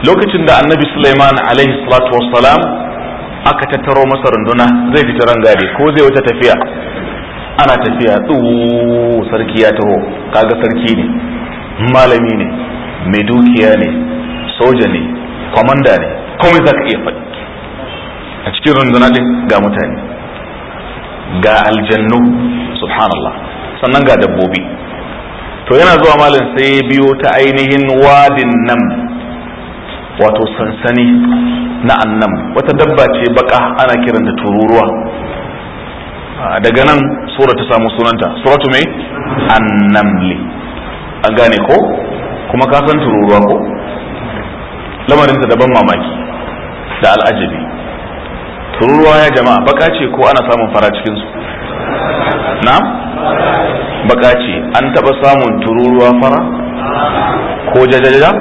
لوكتن النبي سليمان عليه الصلاة والسلام aka tattaro masa runduna zai fita rangade ko zai wata tafiya ana tafiya tsuwu sarki ya taho kaga sarki ne malami ne mai dukiya ne soja ne kwamanda ne komai za ka iya faɗi a cikin runduna ɗin ga mutane ga aljannu subhanallah sannan ga dabbobi to yana zuwa malam sai biyo ta ainihin wadin nan wato sansani na annam wata dabba ce baka ana kiranta tururuwa daga nan sura ta samu sunanta suratu mai annamli an gane ko kuma ka san tururuwa ko lamarinta daban mamaki da al'ajabi tururuwa ya jama'a baka ce ko ana samun fara cikinsu na baka ce an taba samun tururuwa fara ko jajaja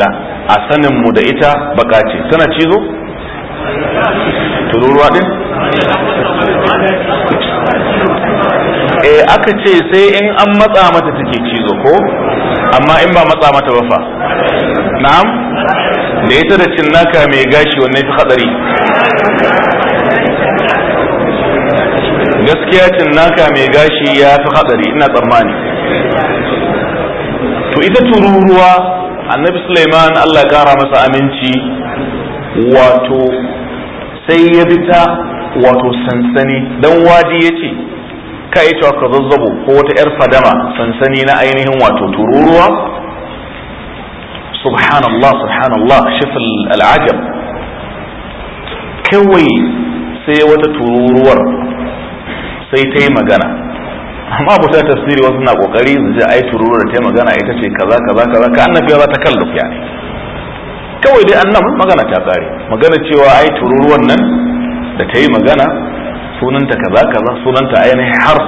la a sanin mu da ita baka ce tana cizo tururuwa din eh aka ce sai in an matsa mata take cizo ko amma in ba matsa mata ba fa na'am da ita da cin naka mai gashi wannan fi hadari gaskiya cin naka mai gashi ya fi hadari ina tsammani to ita tururuwa annabi suleiman allah kara masa aminci wato sai ya bi ta wato sansani dan wadi ya ce ka yi cewa ka zazzabo ko wata 'yar fadama sansani na ainihin wato tururuwa subhanallah subhanallah shifal al'ajab kawai sai wata tururuwar sai ta yi magana amma ta tasiri wasu na kokari su ji ai tururu da ta magana ita ce kaza kaza kaza ka annabi ya ta kalluf yani kawai dai annabi magana ta tsare magana cewa ai tururuwan nan da ta yi magana sunanta kaza kaza sunanta ainihin har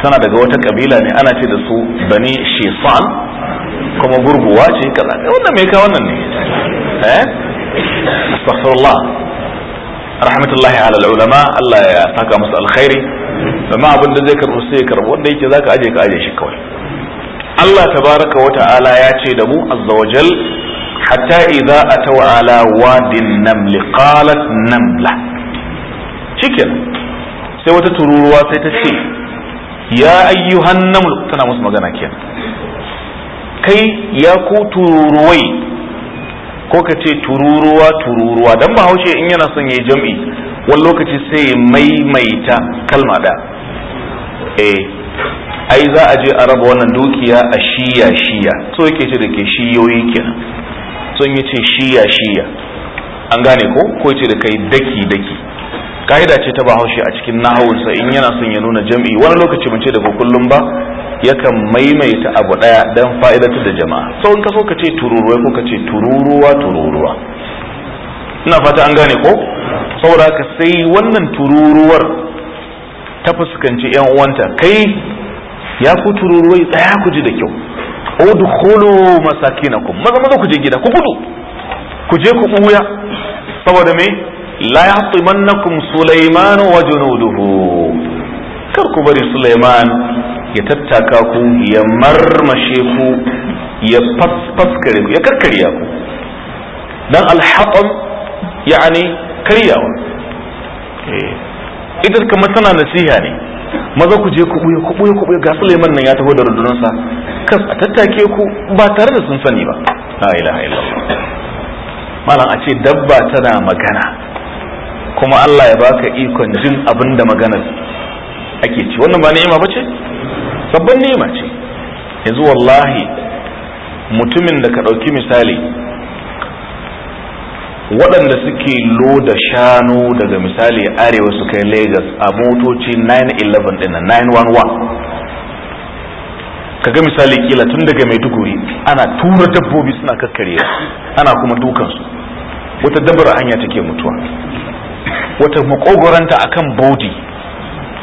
tana daga wata kabila ne ana ce da su bani shisan kuma gurguwa ce kaza wannan me ka wannan ne eh astaghfirullah rahmatullahi ala ulama Allah ya saka musu alkhairi amma abin da zai karbu sai ya karbu wanda yake zaka aje ka aje shi kawai Allah tabaraka wa ta'ala ya ce da mu azza wa jal hatta idza ataw ala wadin naml qalat namla cikin sai wata tururuwa sai ta ce ya ayyuhan naml tana musu magana kenan kai ya ku tururuwai ko ka ce tururuwa tururuwa dan bahaushe in yana son ya jam'i wani lokaci sai maimaita kalma da eh ai za a je a raba wannan dukiya a shiya shiya so yake ce da ke shiyoyi kenan sun yi ce shiya shiya an gane ko ko ce da kai daki daki ka'ida ce ta bahaushe a cikin nahawunsa in yana son ya nuna jam'i wani lokaci mun ce daga kullum ba yakan maimaita abu daya dan fa'idatu da jama'a so in ka so ka ce tururuwa ko ka ce tururuwa tururuwa ina fata an gane ko saboda ka sai wannan tururuwar ta fuskanci yan uwanta kai ya ku tururuwai tsaya ku ji da kyau udkhulu masakinakum maza maza ku je gida ku gudu ku je ku buya saboda me la yahtimannakum sulaiman wa junuduhu kar ku bari sulaiman ya tattaka ku ya marmashe ku ya faskare ku ya karkariya ku dan alhaqam yani karyawa eh. ita kamar tana nasiha ne maza ku je ku buya ku buya ku buya ga Sulaiman nan ya taho da rundunarsa kas a tattake ku ba tare da sun sani ba la ilaha illallah malam a ce dabba tana magana kuma Allah ya baka ikon jin abinda da maganar ake ci wannan ba ni'ima bace babban ni'ima ce yanzu wallahi mutumin da ka ɗauki misali waɗanda suke loda shanu daga misali arewa su kai lagos a motoci 911 ɗin 911 kaga misali kila tun daga maiduguri ana tura dabbobi suna kakkarya ana kuma dukansu wata dabbar hanya take mutuwa wata makogoranta akan bodi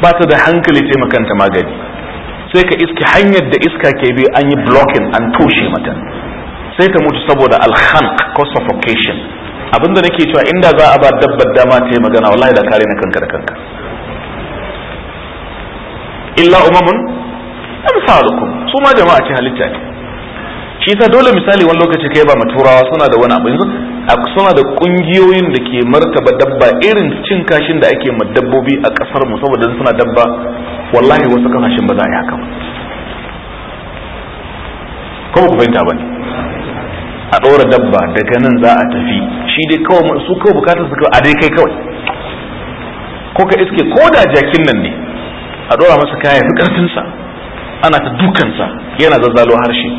ba ta da hankali taimakanta magani sai ka iske hanyar da iska ke bi an yi blocking an toshe mata sai ta mutu saboda alhank ko suffocation abinda nake cewa inda za a ba dabbar dama ta yi magana wallahi da kare na kanka da kanka illa umamun amsalukum su ma jama'a ce halitta ne shi sa dole misali wani lokaci kai ba ma turawa suna da wani abu yanzu suna da kungiyoyin da ke martaba dabba irin cin kashin da ake ma dabbobi a kasar mu saboda suna dabba wallahi wasu kasashen ba za a yi haka ba ko ku fahimta ba ne a ɗora dabba daga nan za a tafi shi dai kawai su kawai bukatar su kawai a dai kai kawai ko ka iske ko da jakin nan ne a ɗora masa kaya fi ƙarfinsa ana ta dukansa yana zazzalo harshe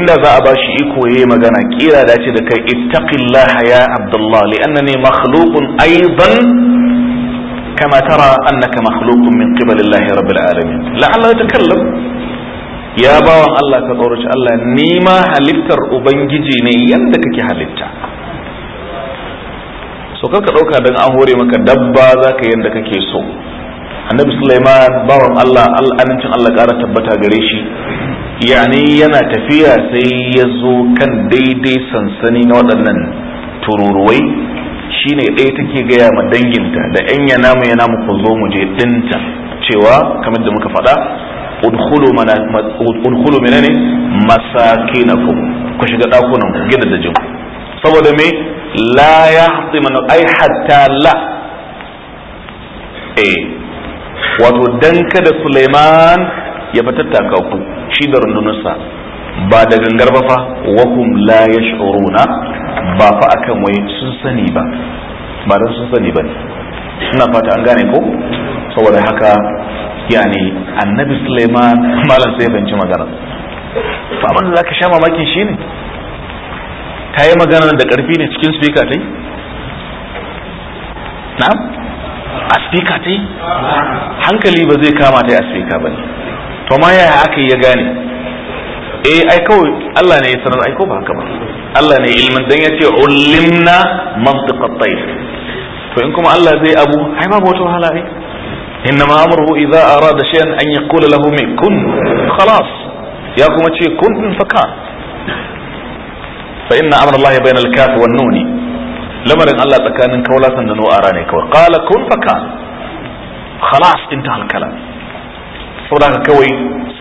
inda za a ba shi iko yayi magana kira da ce da kai ittaqillah ya abdullah li annani makhluqun aidan kama tara annaka makhluqun min qibali allah rabbil alamin la'alla yatakallam ya bawa Allah ka tsoroci Allah ni ma halittar ubangiji ne yadda kake halitta so ka ɗauka don an hore maka dabba za ka yadda kake so annabi Sulaiman bawan Allah al'anancin Allah ƙara tabbata gare shi yani yana tafiya sai ya zo kan daidai sansani na waɗannan tururuwai shine ɗaya take gaya ma danginta da 'yan yana mu yana mu ku zo mu je ɗinta cewa kamar da muka faɗa udkhulu mana udkhulu menene masakinakum ku shiga dakunan ku gida da jin saboda me la yahtiman ai hatta la eh wato dan kada Sulaiman ya fatattaka ku shi da rundunarsa ba da gangar ba fa wa hum la yash'uruna ba fa akan wai sun sani ba ba dan sun sani ba ina fata an gane ko saboda haka ne annabi suleiman <laughs> malam sai fahimci magana to abin da zaka sha mamakin shine ta yi magana da karfi ne cikin speaker ta yi na'am a speaker ta yi hankali ba zai kama ta a speaker ba ne to ma yaya aka yi ya gane eh ai kawai Allah ne ya sanar ai ko ba haka ba Allah ne ilmin dan yace ulimna mantiqat tayyib to in kuma Allah zai abu ai ba wata wahala ai إنما أمره إذا أراد شيئا أن يقول له من كن خلاص يا كما كن فكان فإن أمر الله بين الكاف والنون لمرن الله تكان كولا سندنو أراني كور قال كن فكان خلاص انتهى الكلام saboda kawai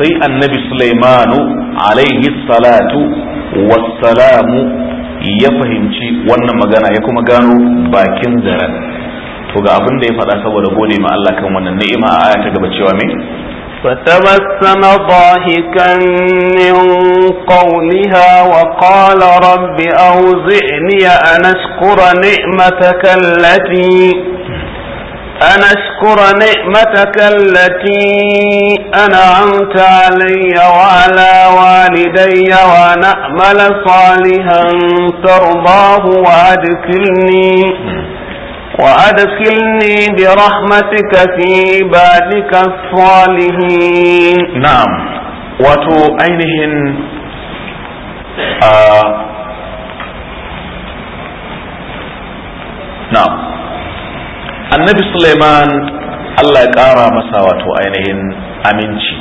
sai annabi Sulaimanu alaihi salatu wassalamu ya fahimci wannan magana ya kuma gano bakin zaren to ga abin da ya faɗa saboda gode ma Allah kan wannan ni'ima a aya ta gaba cewa me فتبسم ضاحكا من قولها وقال رب أوزعني أن أشكر نعمتك التي أن أشكر نعمتك التي أنعمت علي وعلى والدي وأن أعمل صالحا ترضاه وأدخلني وأدخلني برحمتك في عبادك الصالحين نعم wato ainihin na'am annabi suleiman allah ya ƙara masa wato ainihin aminci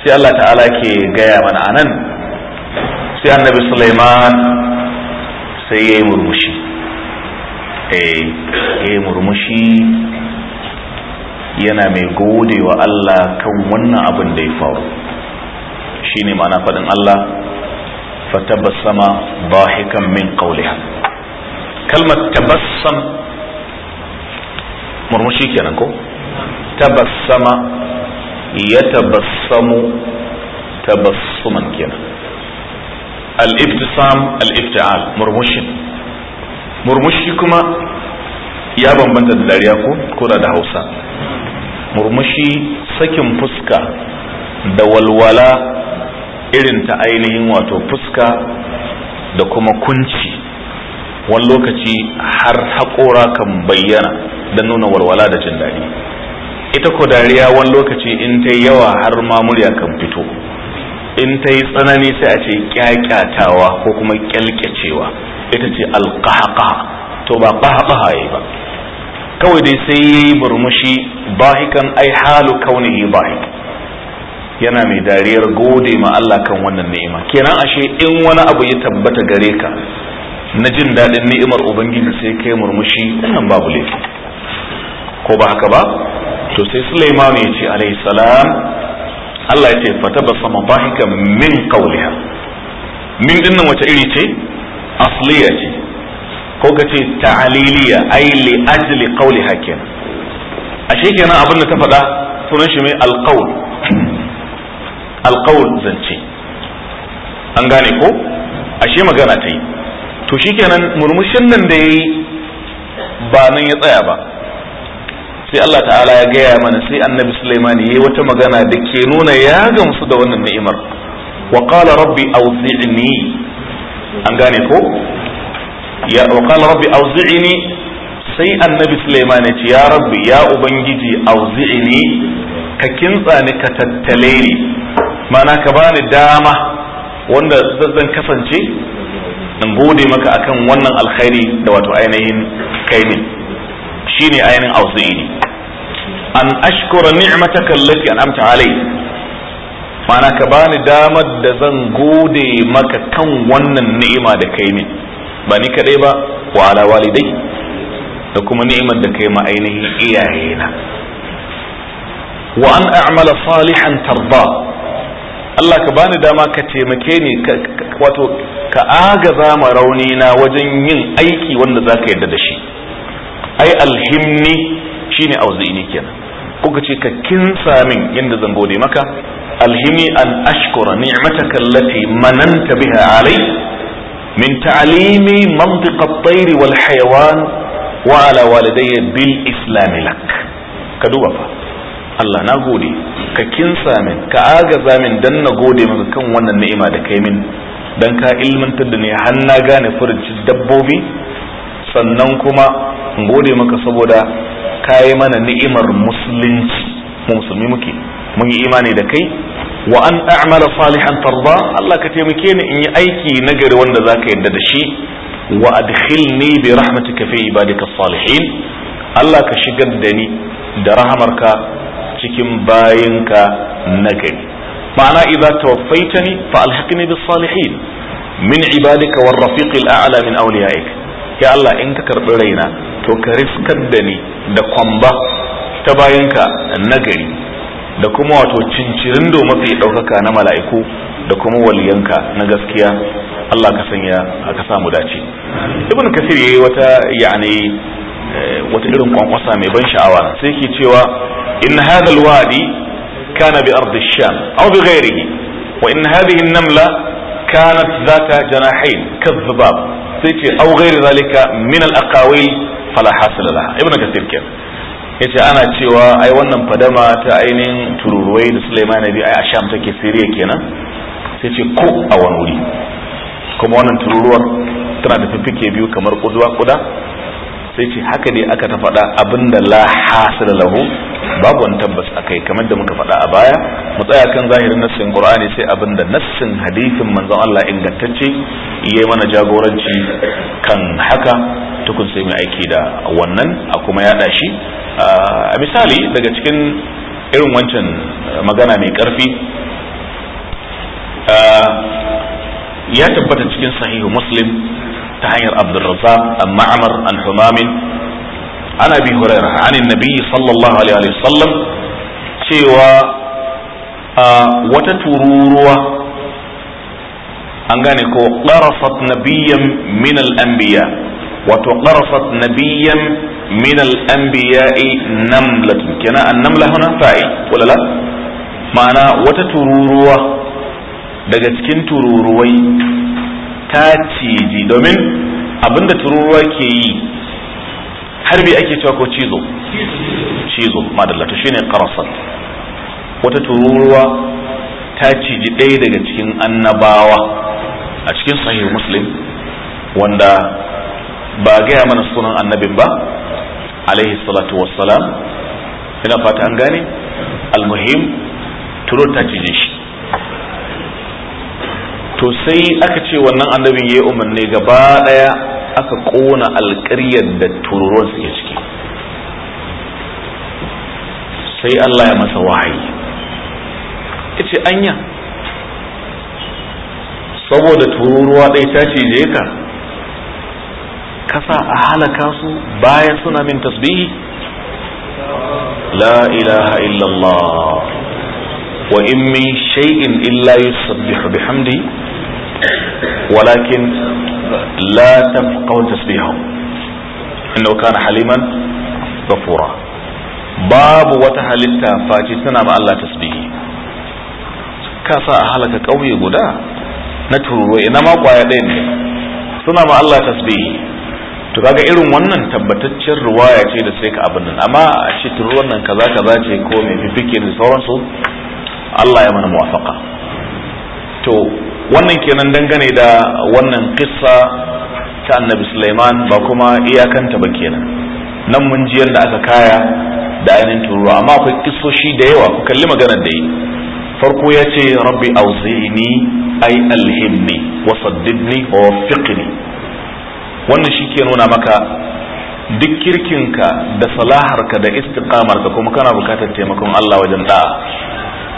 sai allah ta'ala ke gaya mana anan sai annabi suleiman sai ya yi murmushi kai ya murmushi yana mai gode wa Allah kan wannan abin da ya faru shine ma'ana faɗin Allah fa tabassama dahikan min qawliha kalmar tabassam murmushi kenan ko tabassama ya tabassamu tabassuman kenan al-ibtisam al-ibtial murmushin murmushi kuma ya bambanta da dariya ko ko da hausa murmushi sakin fuska da walwala irin ta ainihin wato fuska da kuma kunci wani lokaci har haƙora kan bayyana don nuna walwala da jin daɗi ita ko dariya wani lokaci in ta yawa har ma murya kan fito in ta yi tsanani sai a ce kyakyatawa ko kuma kyalkyacewa ita ce alqahqaha to ba qahqaha yayi ba kawai dai sai yayi murmushi bahikan ai halu kaunihi bahik yana mai dariyar gode ma Allah kan wannan ni'ima kenan ashe in wani abu ya tabbata gare ka na jin daɗin ni'imar ubangiji sai kai murmushi wannan babu laifi ko ba haka ba to sai Sulaiman ya ce alayhi salam Allah ya ce fatabassama bahikan min qawliha min dinnan wace iri ce asliya ce ko ka ce ta'aliliya ai li ajli qawli hakim shi kenan abin da ta faɗa sunan shi mai alqaul alqaul zance an gane ko ashe magana ta yi to shikenan murmushin nan da yayi ba nan ya tsaya ba sai Allah ta'ala ya gaya mana sai annabi Sulaiman yayi wata magana da ke nuna ya gamsu da wannan ni'imar wa qala rabbi awzi'ni an gane ko ya qala rabbi auzi'ini sai annabi suleiman ya ce ya rabbi ya ubangiji auzi'ini ka kintsa ni ka tattale ni Mana ka bani dama wanda zan kasance in gode maka akan wannan alkhairi da wato ainihin kaini shine ainihin auzi'ini an ashkura ni'mataka allati an'amta alayya mana ka bani damar da zan gode maka kan wannan ni'ima da kai ne, ba ni kadai ba wa ala walidai da kuma ni'imar da kai ma ainihi iyayena wa an a'mala salihan tarda Allah ka bani dama ka taimake ni wato ka agaza ma rauni na wajen yin aiki wanda zaka yarda da shi ai alhimni shine auzini kenan kuka ce ka kinsa min yadda zan gode maka alhimi an ashkura ni'mataka allati mananta biha alai min ta'alimi mantiq at-tayr wal hayawan wa ala walidayya bil islam lak ka duba fa Allah na gode ka kinsa min ka agaza min dan na gode maka kan wannan ni'ima da kai min dan ka ilmantar da ni har na gane furuci dabbobi sannan kuma in gode maka saboda kayi mana ni'imar musulunci mu musulmi muke mun yi imani da kai wa an a'mala salihan tarda Allah ka taimake ni in yi aiki nagari wanda zaka yarda da shi wa adkhilni bi rahmatika fi ibadika salihin Allah ka shigar da ni da rahamarka cikin bayinka nagari ma'ana idza tawaffaitani fa alhiqni bis salihin min ibadika war rafiq a'la min awliyaik ya Allah in ka karbi raina to ka riskar da ni da kwamba ta bayanka nagari da kuma wato cincirin do mafi ɗaukaka na mala'iku da kuma waliyanka na gaskiya Allah ka sanya ka samu dace ibn kasir yayi wata yani eh, wata irin kwankwasa mai ban sha'awa sai yake cewa in hadha alwadi kana bi ardi sham aw bi ghairihi wa in hadhihi an-namla kanat dhata janahayn kadhbab sai ce aw da zalika min al-aqawil fala hasila laha ibnu kasir kenan yace ana cewa ai wannan fadama ta ainihin tururuwai da Sulaiman nabi ai asham take Siriya kenan sai ce ko a wani wuri kuma wannan tururuwar tana da fiffike biyu kamar kuduwa kuda sai ce haka dai aka ta faɗa abinda la hasila lahu babu wani tabbas a kai kamar da muka faɗa a baya mu tsaya kan zahirin nassin qur'ani sai abin da nassin hadisin manzon Allah ingantacce yayi mana jagoranci kan haka tukun sai mai aiki da wannan a kuma yaɗa shi a misali daga cikin irin wancan magana mai karfi ya tabbata cikin sahihu muslim ta hanyar abdulrazak amma ma'amar an humamin ana ابي هريره an النبي sallallahu alaihi wa sallam cewa wata tururuwa an gane ko qarafat nabiyyan min al-anbiya wato qarafat nabiyyan min al-anbiya'i namlatun kana an-namla huna fa'i wala la ma'ana wata tururuwa daga cikin tururuwai ta ciji domin abinda tururuwa ke yi harbi ake cewa ko cizo cizo madallata shine qarasat wata tururuwa ta ciji ɗaya daga cikin annabawa a cikin sahih muslim wanda ba gaya mana sunan annabin ba alaihi salatu wassalam ina fata an gane almuhim turur ta cije shi to sai aka ce wannan annabin ya umarni gaba daya aka kona alƙaryar da tururuwan suke ciki sai Allah ya masa wahayi ce anya saboda tururuwa ɗaya ta ce je ka kasa a halaka su bayan suna min tasbihi la ilaha illallah wa in min shay'in illa Yusuf bihamdi walakin la tafqahu tasbihahu innahu kana haliman ghafura babu wata halitta face tana ma Allah tasbihi ka sa a halaka ƙauye guda na tururo ina ɗaya ne suna ma Allah to kaga irin wannan tabbataccen ruwaya ce da sai ka abin nan amma a ce nan kaza kaza ce ko mai fifike da sauransu Allah ya mana muwafaka to wannan kenan dangane da wannan kissa ta annabi Sulaiman ba kuma iyakanta ba kenan nan mun ji aka kaya da ainihin turu amma akwai kissoshi da yawa ku kalli maganar da yi farko ya ce rabbi auzini ai alhimni wa saddidni wa waffiqni wannan shi ke nuna maka duk kirkinka da salaharka da istiqamarka kuma kana bukatar taimakon Allah wajen da'a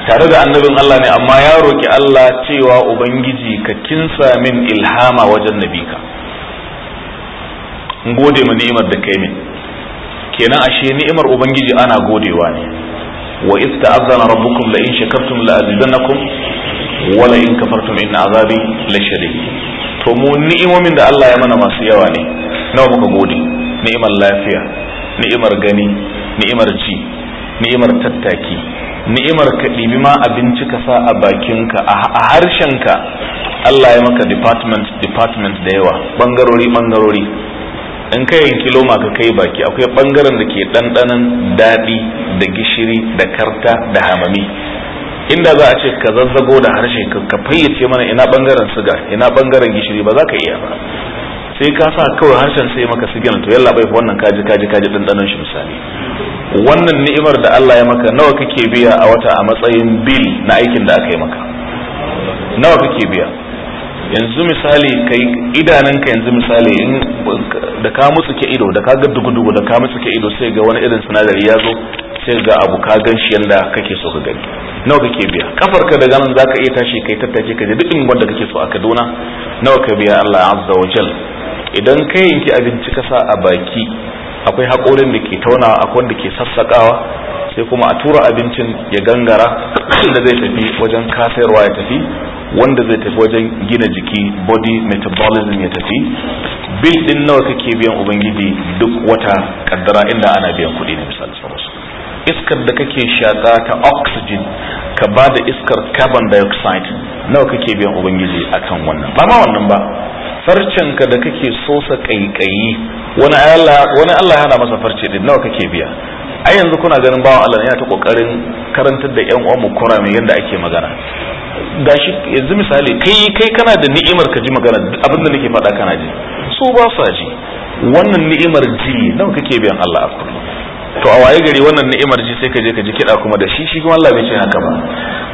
tare da annabin Allah ne amma ya roki Allah cewa ubangiji ka kinsa min ilhama wajen nabika gode mu ni'imar da kai min kenan ashe ni'imar ubangiji ana godewa ne wa iz rabbukum la in shakartum la azidannakum wa la in kafartum inna azabi la to mu ni'imomin da Allah ya mana masu yawa ne nawa muka gode ni'imar lafiya ni'imar gani ni'imar ci ni'imar tattaki ni'imar ka ɗibi ma abinci ka sa a bakinka a harshenka Allah ya maka department department da yawa bangarori bangarori in ka yanki loma ka kai baki akwai bangaren da ke ɗanɗanan daɗi da gishiri da karta da hamami inda za a ce ka zazzago da harshe ka fayyace mana ina bangaren siga ina bangaren gishiri ba za ka iya ba sai ka sa kawai harshen sai maka gina to yalla bai wannan kaji kaji kaji dandanon shi misali wannan ni'imar da Allah ya maka nawa kake biya a wata a matsayin bil na aikin da aka yi maka nawa kake biya yanzu misali kai idananka yanzu misali in da ka mutsuke ido da ka ga dugudugu da ka mutsuke ido sai ga wani irin sinadari ya zo sai ga abu ka gan shi yanda kake so ka gani nawa kake biya kafar ka daga nan zaka iya tashi kai tattace ka je duk wanda kake so a Kaduna nawa ka biya Allah azza wa idan kai yanki abinci ka sa a baki akwai haƙorin da ke taunawa akwai wanda ke sassaƙawa sai kuma a tura abincin ya gangara inda zai tafi wajen kasayarwa ya tafi wanda zai tafi wajen gina jiki body metabolism ya tafi bil din nawa kake biyan ubangiji duk wata kaddara inda ana biyan kuɗi ne misali sauransu iskar da kake shaƙa ta oxygen ka ba da iskar carbon dioxide nawa kake biyan ubangiji akan wannan ba ma wannan ba farcen ka da kake sosa kaikayi wani Allah wani Allah yana masa farce din nawa kake biya ai yanzu kuna ganin bawan Allah ya ta kokarin karantar da ƴan uwan mu kurami yanda ake magana gashi yanzu misali kai kai kana da ni'imar ka ji magana abin da nake faɗa kana ji su ba sa ji wannan ni'imar ji nawa kake biyan Allah a kullum to a waye gari wannan ni'imar ji sai ka je ka ji kiɗa kuma da shi shi kuma Allah bai ce haka ba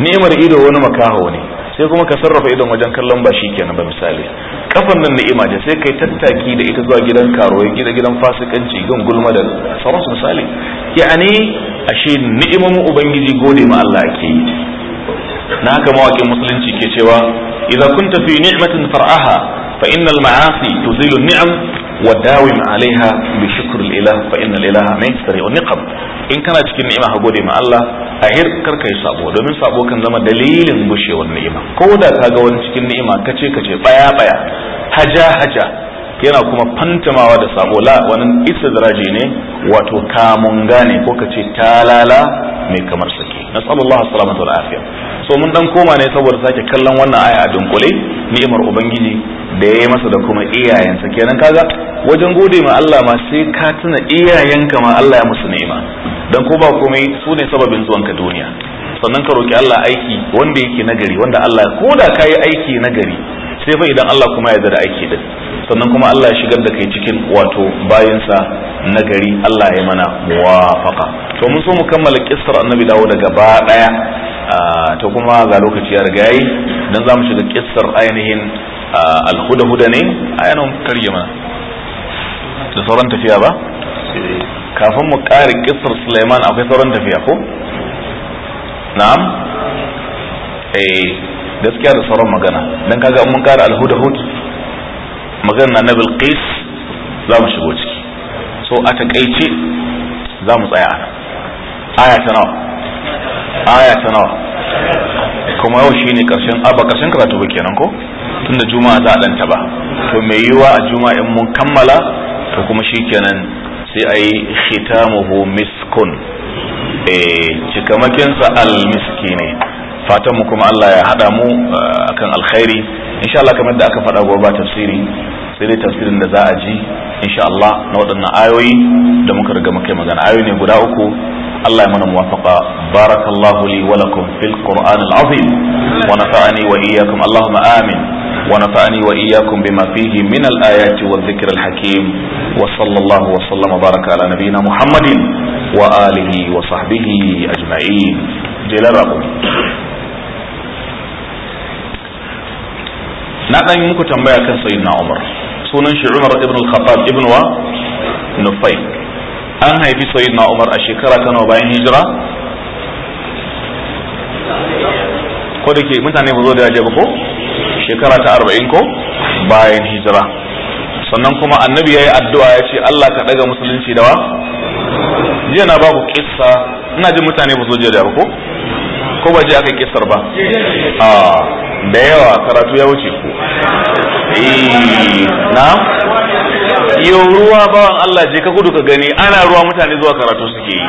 ni'imar ido wani makaho ne sai kuma ka sarrafa idon wajen kallon ba shi kenan ba misali kafan nan ni'ima ce sai kai tattaki da ita zuwa gidan karoyi gida gidan fasikanci gan gulma da sauransu misali ya'ani ashe ni'imomin ubangiji gode ma Allah ke. yi na haka mawaƙin musulunci ke cewa idan kunta fi ni'matin far'aha fa innal ma'asi tuzilu ni'am وداوم عليها بشكر الاله فان الاله من سريع النقم in kana cikin ni'ima ha gode ma Allah a hir kar kai sabo domin sabo kan zama dalilin gushewar ni'ima ko da ka ga wani cikin ni'ima kace kace baya baya haja haja yana kuma fantamawa da sabo la wannan istidraji ne wato kamun gane ko kace talala mai kamar saki nas'alullah salamatu wal afiya so mun dan koma ne saboda sake kallon wannan aya a dunkule ni'imar ubangiji da yayi masa da kuma iyayensa kenan kaga wajen gode ma Allah ma sai ka tuna iyayenka ma Allah ya musu ni'ima dan ko ba komai su ne sababin zuwanka duniya sannan ka roki Allah aiki wanda yake nagari wanda Allah ko da kayi aiki nagari sai fa idan Allah kuma ya da aiki da sannan kuma Allah ya shigar da kai cikin wato bayansa na gari Allah ya mana muwafaqa to mun so mu kammala kissar annabi dawo daga ba daya ah, to kuma ga lokaci ya riga yi dan zamu shiga kissar ainihin ah, alhuda-huda ne ayanan karye mana da sauran tafiya ba kafin mu kare kissar suleiman akwai sauran tafiya ko na'am eh gaskiya da sauran magana dan kaga mun kara alhudahud magana na bilqis za mu shigo ciki so a takaice za mu tsaya aya ta nawa aya ta nawa kuma yau shi ne karshen aba karshen karatu ba kenan ko tunda juma'a za a dan ba to mai yiwa a juma'a in mun kammala to kuma shi kenan sai a yi khitamuhu miskun eh cikamakinsa almiski ne fatan mu kuma Allah ya hada mu uh, akan alkhairi insha Allah kamar da aka faɗa gobe tafsiri sai dai tafsirin da za a ji insha Allah na waɗannan ayoyi da muka riga muka magana ayoyi ne guda uku Allah ya mana muwafaqa barakallahu li wa lakum fil qur'an al azim wa nafa'ani wa iyyakum allahumma amin wa nafa'ani wa iyyakum bima fihi min al ayati wa dhikr al hakim wa sallallahu wa sallama baraka ala nabiyyina muhammadin wa alihi wa sahbihi ajma'in jelarabu na dan yi muku tambaya kan sayyidina Umar sunan shi Umar ibn al-Khattab ibn wa Nufay an haifi sayyidina Umar a shekara ta nawa bayan hijira ko da ke mutane ba zo da yaje ba ko shekara ta 40 ko bayan hijira sannan kuma annabi yayi addu'a ya ce Allah ka daga musulunci da wa jiya na babu kissa ina jin mutane ba zo da ba ko ko ba je aka kissar ba a ah. da yawa karatu ya wuce ku eh, na Yo, ruwa bawan Allah je ka gudu ka gani ana ruwa mutane zuwa karatu suke yi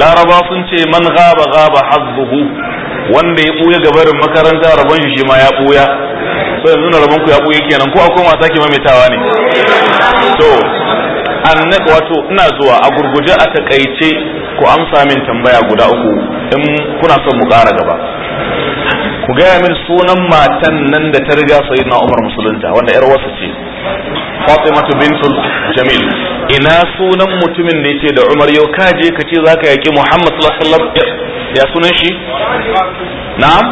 laraba sun ce man gaba gaba hazzuhu wanda ya buya gabarin makaranta rabon shi ma ya buya so yanzu na rabon ku ya buya kenan ko akwai wasa ke mamitawa ne to wato ina zuwa a gurguje a takaice ku amsa min tambaya guda uku in kuna son mu kara gaba ku gaya min sunan matan nan da ta riga sayyidina Umar musulunta wanda yar wasa ce Fatimatu bintul Jamil ina sunan mutumin da yake da Umar yau ka je ka ce zaka yaki Muhammad sallallahu alaihi wasallam ya sunan shi na'am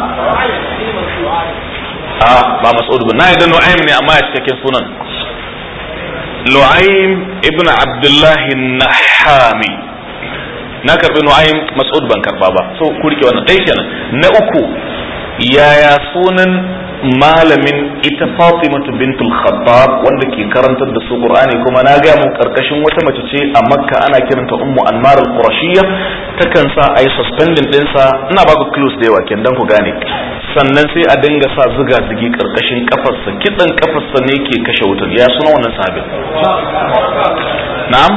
a ba Mas'ud bin na yadda Nu'aym ne amma ya cikakken sunan nu'aym ibn Abdullah Nahami na karbi Nu'aym Mas'ud ban karba ba so ku rike wannan dai kenan na uku yaya sunan malamin ita Fatimatu bintul Khattab wanda ke karantar da su Qur'ani kuma na ga mu karkashin wata mace ce a Makka ana kiranta Ummu Anmar al-Qurashiyya takan sa ayi suspending din sa ina ba ku clues da yawa dan ku gane sannan sai a dinga sa zuga zugi karkashin kafarsa kidan kafarsa ne ke kashe wutar ya suna wannan sahabin na'am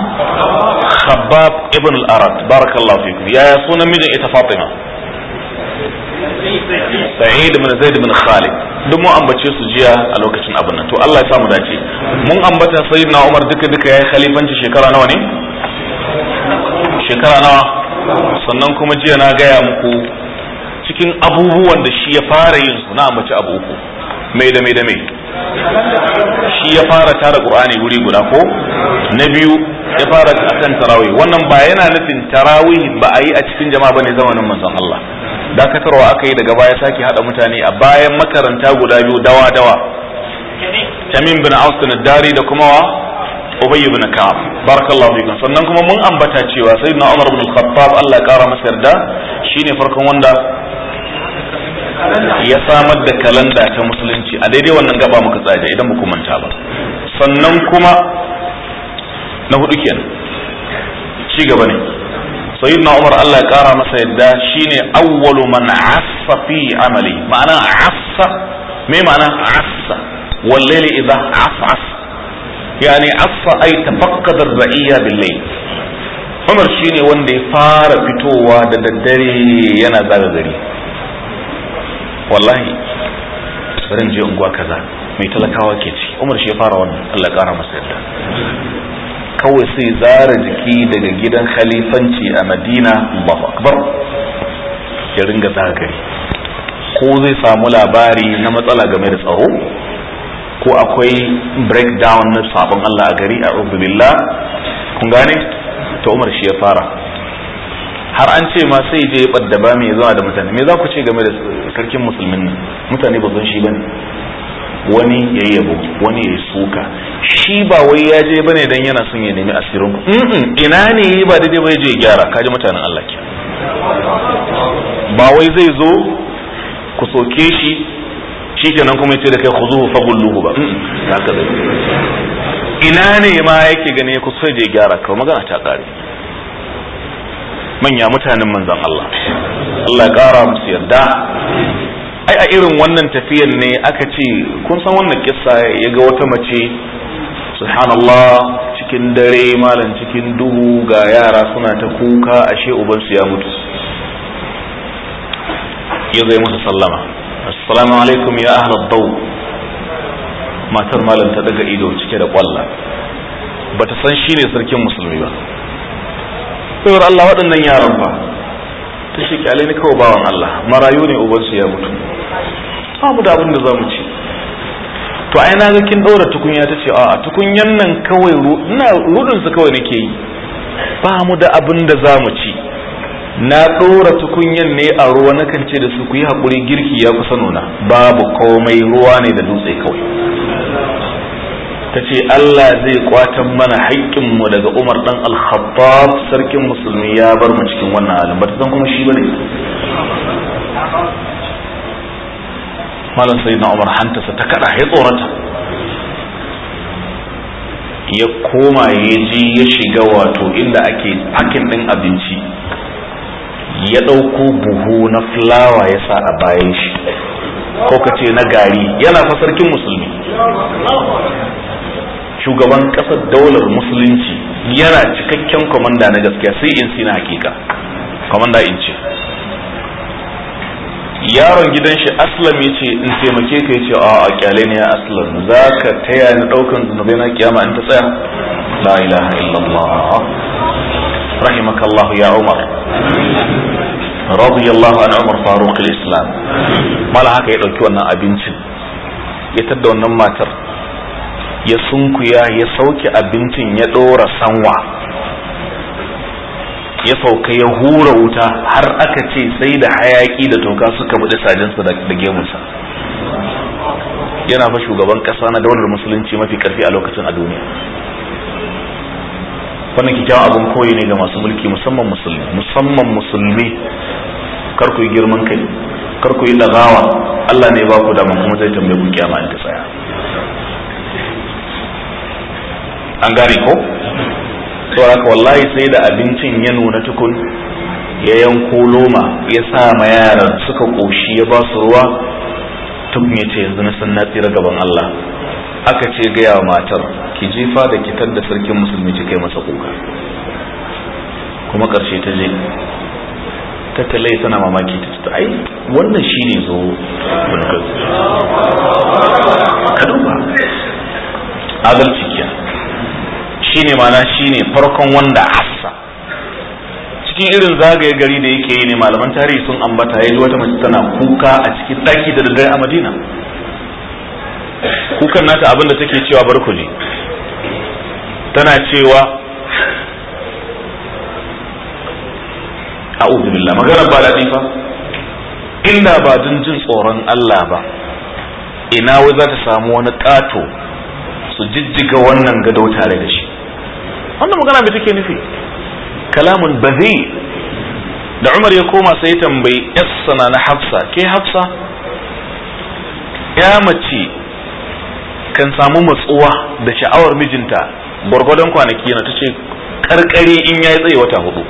Khabbab ibn al-Arad barakallahu fikum yaya sunan mijin ita Fatima sa'id bin zaid mun khalid duk mun ambace su jiya a lokacin abin nan to Allah ya samu dace mun ambata sayyidina umar duka duka yayi khalifanci shekara nawa ne shekara nawa sannan kuma jiya na gaya muku cikin abubuwan da shi ya fara yin su na ambaci abu uku mai da mai da mai shi ya fara tara qur'ani wuri guda ko na biyu ya fara akan tarawih wannan ba yana nufin tarawih ba a yi a cikin jama'a bane zamanin manzon Allah dakatarwa aka yi daga baya sake hada mutane a bayan makaranta guda biyu dawa dawa tamim bin austin dari da kuma wa ubay ibn ka'ab barakallahu fikum sannan kuma mun ambata cewa sayyidina umar ibn khattab Allah ya kara masa yarda shine farkon wanda ya samar da kalanda ta musulunci a daidai wannan gaba muka tsaje idan muku manta ba sannan kuma na hudu kenan ci gaba ne na umar Allah ya kara masa yadda shine awwalu man assa fi amali ma'ana assa me ma'ana assa wallaili idza afas yani assa ay tafaqqada ar-ra'iya bil-layl Umar shine wanda ya fara fitowa da daddare yana zaga wallahi bari je unguwa kaza mai talakawa ke ci Umar shi ya fara Allah ya kara masa yadda kawai sai zara jiki daga gidan khalifanci a madina allahu akbar ya ringa zagari ko zai samu labari na matsala game da tsaro ko akwai breakdown na sabon allah a gari a billah kun gane ta umar shi ya fara har an ce ma sai je ya badda ba mai zama da mutane me za ku ce game da sarkin musulmin mutane ba zan shi bane wani ya yi yabo wani ya yi suka shi ba wai ya je bane dan yana son ya nemi asirin ku ina ne ba daidai ba ya je gyara ji mutanen Allah ke ba wai zai zo ku soke shi shi kenan kuma ya ce da kai ku khuzuhu fagulluhu ba haka zai ina ne ma yake gane ku sai je gyara kawai magana ta kare manya mutanen manzon Allah Allah ya kara musu yarda ai a irin wannan tafiyan ne aka ce kun san wannan kissa ya ga wata mace subhanallah cikin dare malam cikin duhu ga yara suna ta kuka ashe ubansu ya mutu ya zai musu sallama assalamu alaikum ya ahlad daw matar malam ta daga ido cike da kwalla bata san shine sarkin musulmi ba saboda Allah waɗannan yaran ba ta shi kyale ni kawai bawan Allah marayu ne ubansu ya mutu ba mu da abin da za ci to ai na ga kin daura tukunya ta ce a tukunyan nan kawai ina rudin su kawai nake yi ba mu da abin da zamu ci na ɗora tukunyan ne a ruwa na kan ce da su ku yi haƙuri girki ya kusa nuna babu komai ruwa ne da dutse kawai ta ce Allah zai kwatan mana haƙƙinmu daga Umar ɗan al-Khattab sarkin musulmi ya bar mu cikin wannan halin ba ta kuma shi bane malam na Umar hantarsa ta kada ya tsorata ya koma ya ji ya shiga wato inda ake hakin ɗin abinci ya ɗauko buhu na fulawa ya sa a bayan shi ko ka ce na gari yana fa sarkin musulmi shugaban kasar daular musulunci yana cikakken kwamanda na gaskiya sai in sina hakika kwamanda in ce yaron gidan shi aslam ya ce in taimake ka ya ce a a ne ya aslam za ka taya ni daukan zunubai na kiyama in ta tsaya la ilaha illallah rahimakallahu ya umar radiyallahu an umar faruq al-islam mala haka ya dauki wannan abincin ya tadda wannan matar ya sunkuya ya sauke abincin ya ɗora sanwa ya sauka ya hura wuta har aka ce sai da hayaki da toka suka buɗe sajinsa da gemunsa yana fa shugaban ƙasa na daular musulunci mafi ƙarfi a lokacin a duniya wannan kyakkyawan abin koyi ne ga masu mulki musamman musulmi musamman musulmi kar ku yi girman kai kar ku yi dagawa Allah ne ba ku dama kuma zai tambaye ku kiyama in ta tsaya an gane ko saboda wallahi sai da abincin ya nuna tukun ya yanko loma ya sa ma yaran suka koshi ya ba su ruwa tun ya ce yanzu na san na tsira gaban Allah aka ce gaya wa matar ki jifa da kitar da sarkin musulmi ki kai masa kuka kuma karshe ta je ta kalle tana mamaki ta ce ai wannan shine zo ka duba adalci kenan shine mana shine farkon wanda hassa cikin irin zagaye gari da yake yi ne malaman tarihi sun ambata ya ji wata mace tana kuka a cikin ɗaki da daddare a madina kukan nata abin da take cewa barku ne tana cewa a'udhu billah magana ba daɗi fa inda ba don jin tsoron Allah ba ina wai za ta samu wani ƙato su jijjiga wannan gado tare da shi wannan magana mai take nufi kalamun bazi da umar ya koma sai tambayi yassana na hafsa ke hafsa ya mace kan samu matsuwa da sha'awar mijinta gwargwadon kwanaki na ta ce karkare in ya yi tsaye wata hudu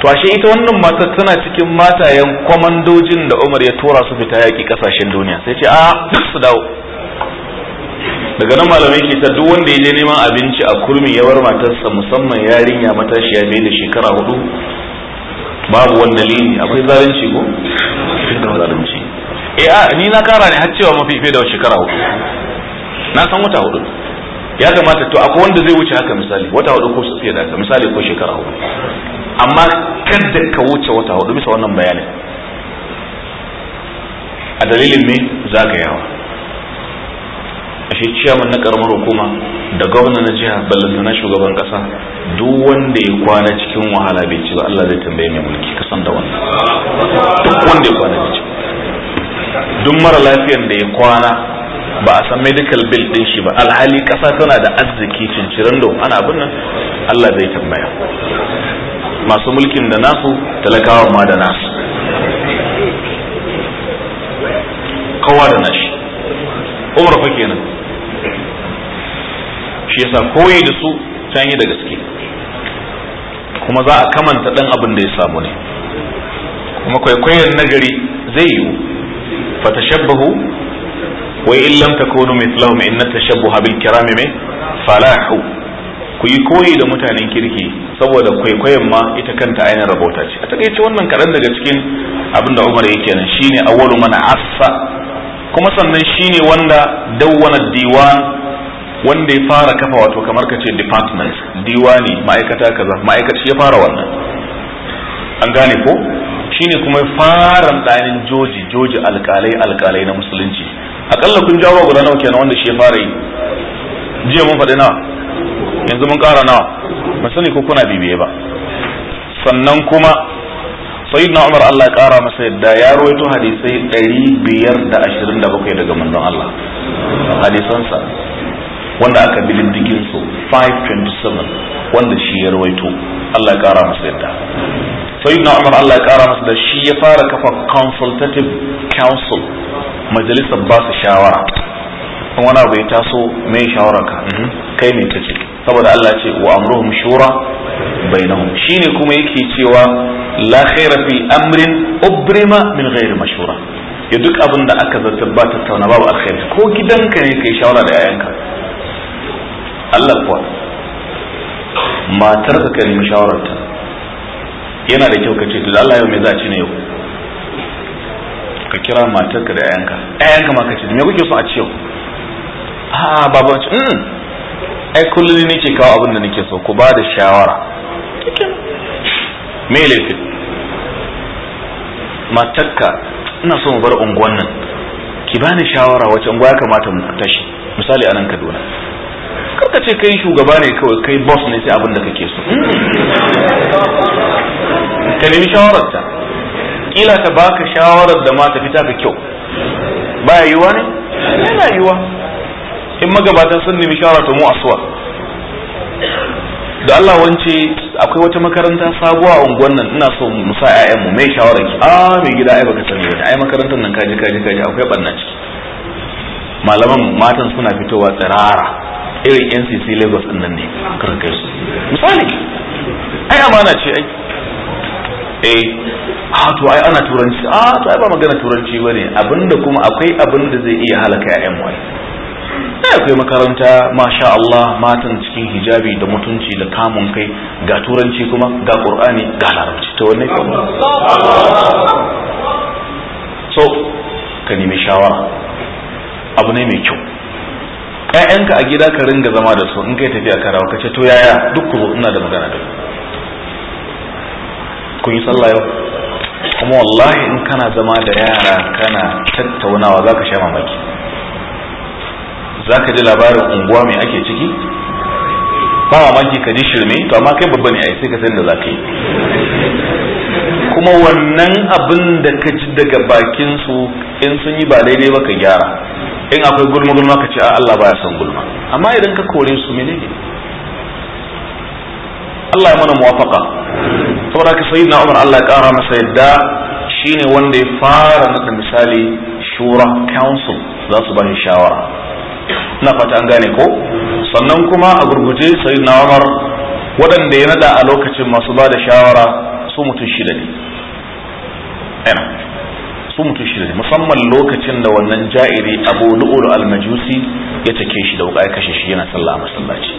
to ashe ita wannan matar tana cikin matayen kwamandojin da umar ya tura su fita yaƙi ƙasashen duniya sai ce a duk su dawo daga nan malamai ke ta duk wanda ya je neman abinci a kurmi ya bar matarsa musamman yarinya matashiya bai da shekara hudu babu wani dalili akwai zalunci ko zalunci eh a ni na kara ne har cewa mafi fiye da shekara hudu na san wata hudu ya kamata to akwai wanda zai wuce haka misali wata hudu ko fiye da haka misali ko shekara hudu amma kada ka wuce wata hudu bisa wannan bayanin a dalilin me yawa. ashe ciyaman na karamar hukuma da gwamna na jiha ballanta na shugaban kasa duk wanda ya kwana cikin wahala bai ci ba Allah zai tambaye mai mulki ka san da wannan duk wanda ya kwana cikin duk mara lafiyan da ya kwana ba a san medical bill din shi ba alhali kasa tana da arziki cincirin da ana abin nan Allah zai tambaya masu mulkin da nasu talakawa ma da nasu kowa da nashi umar fa kenan shi yasa koyi da su ta yi da gaske kuma za a kamanta dan abin da ya samu ne kuma kwaikwayon nagari zai yiwu fatashabbahu wa in lam takunu mithlahum inna tashabbuha bil kirami mai falahu ku yi koyi da mutanen kirki saboda kwaikwayon ma ita kanta ainihin rabota ce a takaice wannan kaɗan daga cikin abin da umar yake nan shine awwalu mana asa, kuma sannan shine wanda dawwana diwan wanda ya fara kafa wato kamar ka ce department diwani ma'aikata kaza ma'aikaci ya fara wannan an gane ko shine kuma fara ɗanin joji joji alkalai alkalai na musulunci akalla kun jawo guda nawa kenan wanda shi ya fara yi jiya mun faɗi nawa yanzu mun ƙara nawa mun sani ko kuna bibiye ba sannan kuma na umar Allah ƙara masa yadda ya rawaito hadisai 527 daga manzon Allah hadisansa wanda aka bi diddigin su 527 wanda shi ya rawaito Allah ya kara masa yadda sayyidina Umar Allah ya kara masa da shi ya fara kafa consultative council majalisar ba su shawara in wani abu ya taso mai shawararka mhm. kai mai kace saboda Allah ce wa amruhum shura bainahum shine kuma yake cewa la khaira fi amrin ubrima min ghairi mashura ya duk abin da aka zartar ba tattauna babu alkhairi ko gidanka ne kai shawara da yayanka Allah kuwa matar ka nemi shawararta yana da kyau ka ce to Allah yau me za a ci ne yau ka kira matar ka da ayanka ayanka ma ka ce me kuke so a ci yau a baba ce mm ai kullum nake kawo abin da nake so ku ba da shawara me Matar ka ina so mu bar unguwan nan ki bani shawara wace unguwa ya kamata mu tashi misali anan Kaduna karka ce kai shugaba ne kawai kai boss ne sai abin da kake so ka nemi shawararta kila ta baka shawarar da ma ta fita ka kyau baya yiwa ne yana yiwa in magabatan sun nemi shawara ta mu asuwa da Allah wance akwai wata makaranta sabuwa a unguwan nan ina so mu sa ƴaƴan mu mai shawara ki ah mai gida ai baka sani ba ai makarantar nan kaji kaji kaji akwai bannaci malaman matan suna fitowa tsirara irin ncc lagos din nan ne kai su misali ai amana ce ai eh a to ai ana turanci a to ai ba magana turanci bane ne abinda kuma akwai abinda zai iya halaka ya my sai akwai makaranta masha Allah matan cikin hijabi da mutunci da kamun kai ga turanci kuma ga qur'ani ga larabci to wanne so ka nemi shawara abu ne mai kyau ƴaƴanka a gida ka ringa zama da su in kai tafiya ka rawa ka ce to yaya duk ku ina da magana da ku yi sallah yau kuma wallahi in kana zama da yara kana tattaunawa zaka sha mamaki zaka ji labarin unguwa mai ake ciki ba mamaki ka ji shirme to amma kai babba ne ai sai ka san da zaka yi kuma wannan abin da ka ci daga bakin su in sun yi ba daidai ba ka gyara in akwai gulma gulma ka ce Allah baya son gulma amma idan ka kore su menene Allah ya mana muwafaka saboda ka sayyidina Umar Allah ya kara masa yadda shine wanda ya fara maka misali shura council za su bani shawara na fata an gane ko sannan kuma a gurguje sayyidina Umar waɗanda ya nada a lokacin masu ba da shawara su mutum shida ne su mutum shi ne musamman lokacin da wannan ja'iri abu lu'ulu al-majusi ya take shi da wuka ya kashe shi yana sallah a masallaci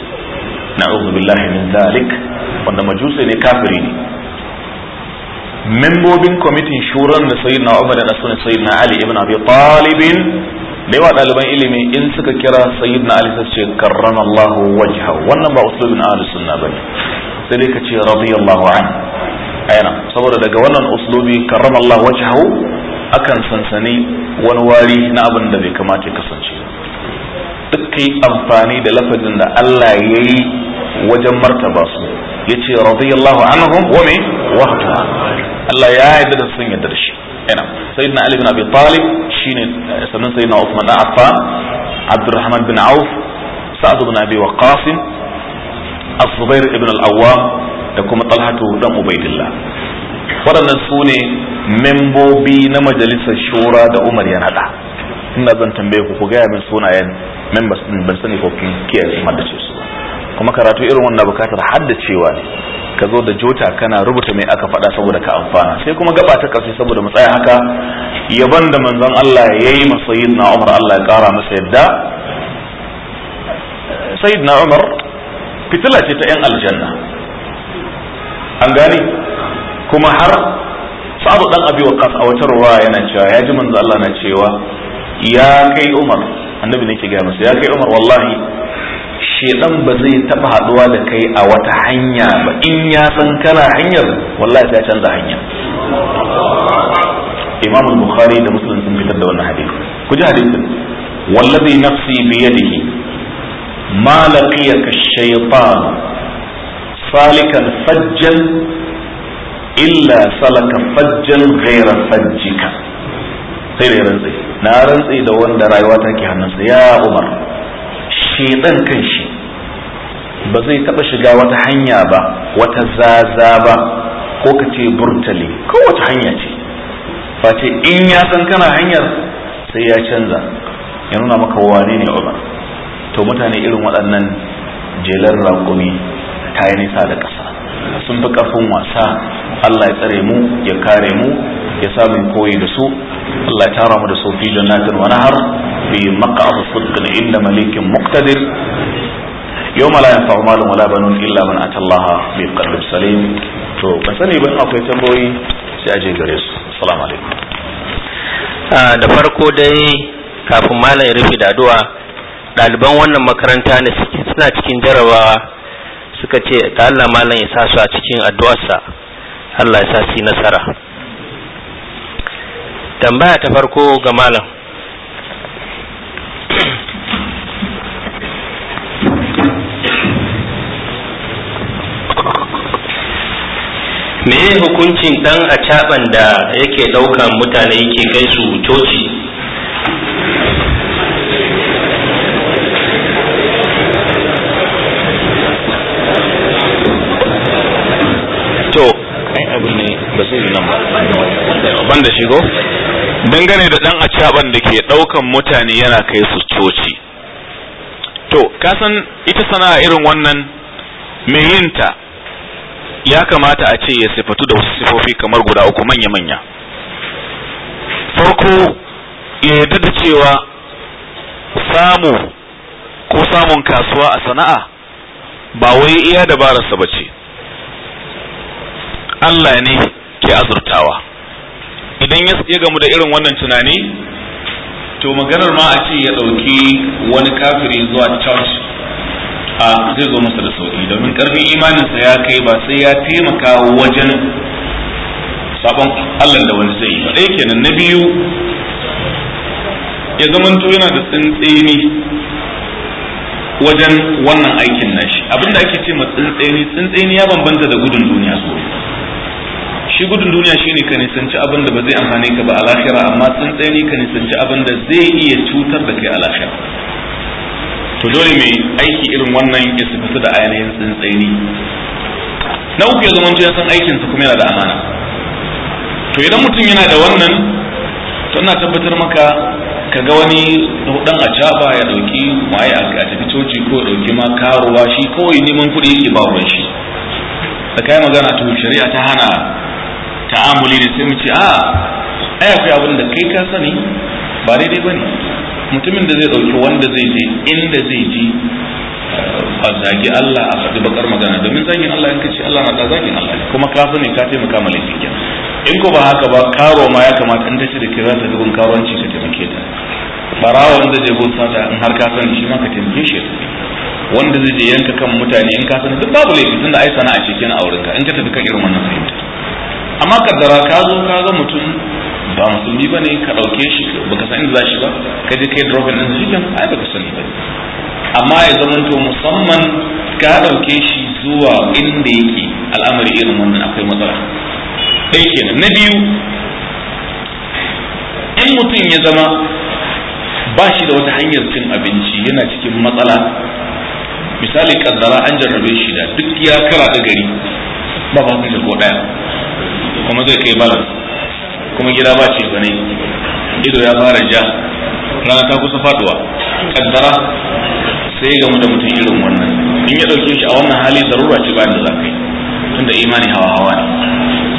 na'udhu billahi min zalik wanda majusi ne kafiri ne membobin kwamitin shuran da sayyidina Umar da sunan sayyidina Ali ibn Abi Talib da yawa ɗaliban ilimi in suka kira sayyidina Ali sai ce karramallahu wajha wannan ba usulun ahlus sunna bane sai dai ka ce radiyallahu anhu aina saboda daga wannan uslubi karramallahu wajhahu akan sansani wani wari na abin da bai kamata ya kasance duk kai amfani da lafazin da Allah ya yi wajen martaba su ya ce radiyallahu anhum wa me wahta Allah ya yarda da sun yarda da shi ina sayyidina Ali bin Abi Talib shine sannan sayyidina Uthman bin Affan Abdurrahman bin Auf Sa'd bin Abi Waqqas As-Zubair ibn al-Awwam da kuma Talhatu dan Ubaidillah waɗannan su ne membobi na majalisar shura da umar ya naɗa ina zan tambaye ku ku gaya min sunayen members din ban sani ko kin kiyaye haddace su kuma karatu irin wannan bukatar haddacewa ne ka zo da jota kana rubuta mai aka faɗa saboda ka amfana sai kuma gaba ta ƙarshe saboda mu tsaya haka yaban da manzon Allah ya yi masa na Umar Allah ya ƙara masa yadda sayyidina Umar fitila ce ta yan aljanna an gani. kuma har sabu dan abi waqas a wata ruwa yana cewa ya ji manzo Allah na cewa ya kai Umar annabi ne ke gaya masa ya kai Umar wallahi shedan ba zai taba haduwa da kai a wata hanya ba in ya san kana hanyar wallahi sai ya canza hanya Imam Bukhari da Muslim sun fitar da wannan hadisi ku ji hadisin wallazi nafsi bi yadihi ma laqiyaka ash-shaytan salikan fajjan illa salaka fajjan ghaira fajjika sai da rantsi na rantsi da wanda rayuwa take hannunsa ya umar shedan kan shi ba zai taba shiga wata hanya ba wata zaza ba ko ka ce burtali ko wata hanya ce face in ya san kana hanyar sai ya canza ya nuna maka wane ne umar to mutane irin waɗannan jelar rakumi ta yi nisa da ƙasa sun fi kafin wasa Allah ya tsare mu ya kare mu ya samu koyi da su Allah ya tara mu da su fi jannatin wa nahar fi maq'adi sidqin inda malikin muqtadir يوم لا ينفع wala ولا illa الا من اتى الله بقلب salim to ka sani ban akwai tambayoyi sai aje gare su assalamu alaikum ah, da farko dai kafin malam ya rufe da addu'a ɗaliban wannan makaranta ne suna cikin jarabawa suka ce ta Allah malam ya sa su a cikin addu'arsa Allah ya sa su nasara tambaya ta farko ga malam me hukuncin dan a caban da yake daukan mutane yake gaisu coci to ai abin ne ba zai yi nan ba ban da shigo dangane da dan acaban da ke daukan mutane yana kai su coci to ka san ita sana'a irin wannan mai yinta ya kamata a ce ya sifatu da wasu sifofi kamar guda uku manya-manya farko ya yarda da cewa samu ko samun kasuwa a sana'a ba wai iya dabararsa ba ce Allah ne ke azurtawa idan ya gamu da irin wannan tunani to maganar ma a ce ya ɗauki wani kafiri zuwa church a zai zo masa da sauki domin karfin imaninsa ya kai ba sai ya taimaka wajen sabon Allah da wani zai yi ɗaya kenan na biyu ya zamanto yana da tsintsini wajen wannan aikin nashi abinda ake ce ma tsintsini tsintsini ya bambanta da gudun duniya su. shi gudun duniya shine ka nisanci abin da ba zai amfani ka ba a lahira amma ne ka nisanci abin da zai iya cutar da kai a lahira to dole mai aiki irin wannan ya fito da ainihin ne na uku ya zama jiya san aikinsa kuma yana da amana to idan mutum yana da wannan to ina tabbatar maka ka ga wani dan a caba ya dauki waye a tafi coci ko dauki ma karuwa shi kawai neman kuɗi yake ba ruwan shi da kai magana to shari'a ta hana ta'amuli ne sai mu ce a ah, ai akwai abin da kai ka sani ba daidai bane mutumin da zai dauki wanda zai je inda zai je a zagi Allah a faɗi bakar magana domin zagin Allah in ka ce Allah na da zagin Allah kuma ka sani ka taimaka ma laifin kenan in ko ba haka ba karo ma ya kamata in ta ce da kira ta dubin karuwanci ka taimake ta barawa wanda zai go sata in har ka sani shi ma ka taimake shi wanda zai je yanka kan mutane in ka sani duk babu laifi tunda ai sana'a ce kenan a wurinka in ka tafi kan irin wannan fahimta amma kaddara ka zo ka ga mutum ba musulmi ba ne ka ɗauke shi baka san inda za shi ba ka je kai drogan ɗin shi kan ai baka sani ba amma ya zamanto musamman ka ɗauke shi zuwa inda yake al'amari irin wannan akwai matsala ɗaya kenan na biyu in mutum ya zama ba shi da wata hanyar cin abinci yana cikin matsala misali kaddara an jarrabe shi da duk ya kara da gari ba ba ko ɗaya kuma zai kai balan kuma gida ba ce bane ido ya fara ja rana ta kusa faduwa kaddara sai ga da mutum irin wannan in ya dauke shi a wannan hali zarura ce ba da za da tunda imani hawa hawa ne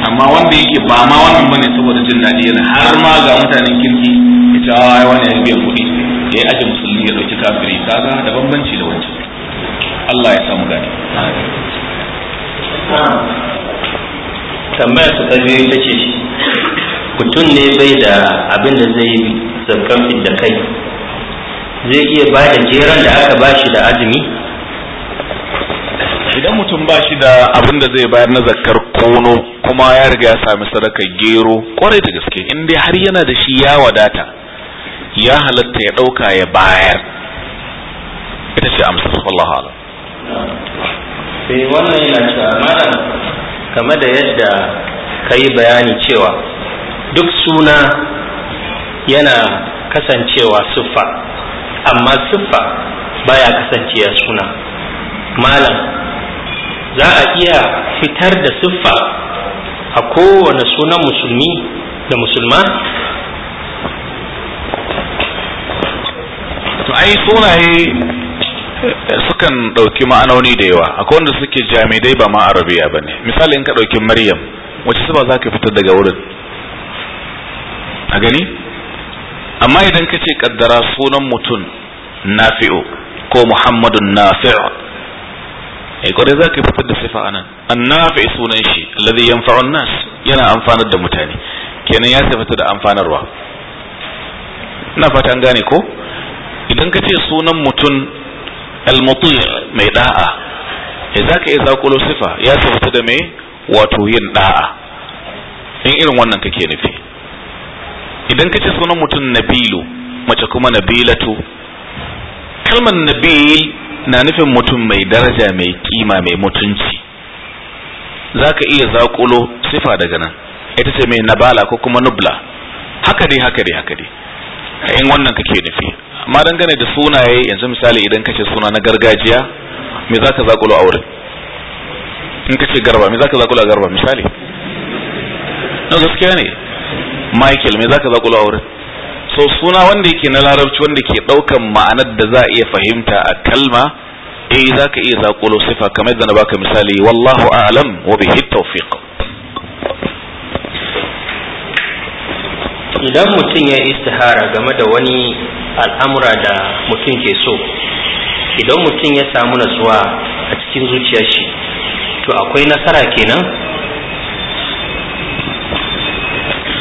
amma wanda yake ba ma wannan bane saboda jin dadi yana har ma ga mutanen kirki ya ce a ah, wani ya biya kuɗi ya yi aji musulmi ya ɗauki kafiri kaga da bambanci da wancan Allah ya samu gani. tambaya su ta ce mutum ne bai da abin da zai yi zakkan da kai zai iya ba da jeran da aka ba shi da azumi idan mutum ba shi da abin da zai bayar na zakar kono kuma ya riga ya sami sadaka gero kwarai da gaske in dai har yana da shi ya wadata ya halatta ya ɗauka ya bayar ita ce amsa wallahu alam sai eh, wannan yana cewa malam kama da yadda ka yi bayani cewa duk suna yana kasancewa siffa amma siffa baya kasancewa suna malam za a iya fitar da siffa a kowane sunan musulmi da musulma to ai sunaye sukan ɗauki ma'anoni da yawa akwai wanda suke jami'ai ba ma arabiya ba ne misali in ka ɗauki maryam wacce su ba za ka fitar daga wurin a gani amma idan ka ce kaddara sunan mutum nafi'u ko muhammadun nafi'u ai eh, kwarai za ka fitar da sifa anan annafi sunan shi alladhi yanfa'un nas yana amfanar da mutane kenan ya sifata da amfanarwa ina fata an gane ko idan ka ce sunan mutum al mai da'a in zaka iya zakulo sifa ya tabbata da mai wato yin da'a in irin wannan kake nufi idan kace sunan mutum nabilu mace kuma nabilatu kalmar nabil na nufin mutum mai daraja mai kima mai mutunci zaka iya zakulo sifa daga nan ita ce mai nabala ko kuma nubla haka dai haka dai haka dai in wannan kake nufi amma dangane da sunaye yanzu misali idan kace suna na gargajiya me zaka zakulo a wurin in kace garba me zaka zakulo a garba misali na gaskiya ne michael me zaka zakulo a wurin so suna wanda yake na larabci wanda ke daukan ma'anar da za a iya fahimta a kalma eh zaka iya zakulo sifa kamar da na baka misali wallahu a'lam wa bihi tawfiq idan mutum ya istihara game da wani al'amura da mutum ke so idan mutum ya samu natsuwa a cikin zuciya shi to akwai nasara kenan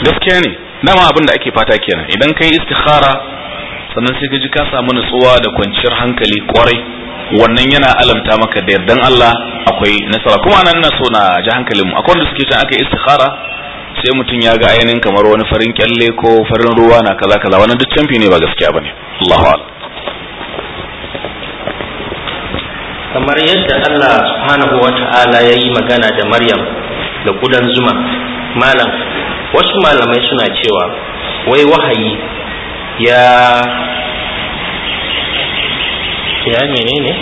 gaskiya ne dama abin da ake fata kenan idan kai istihara sannan sai ji ka samu natsuwa da kwanciyar hankali kwarai wannan yana alamta maka da yardan Allah akwai nasara kuma nan na so na ji hankalin mu akwai wanda suke can aka istikhara sai mutum ya ga ainihin kamar wani farin kyalle ko farin ruwa na kaza kaza wannan duk canfi ne ba gaskiya ba Allahu a'lam kamar yadda Allah subhanahu wa ta'ala ya yi magana da Maryam da kudan zuma malam wasu malamai suna cewa wai wahayi ya ya menene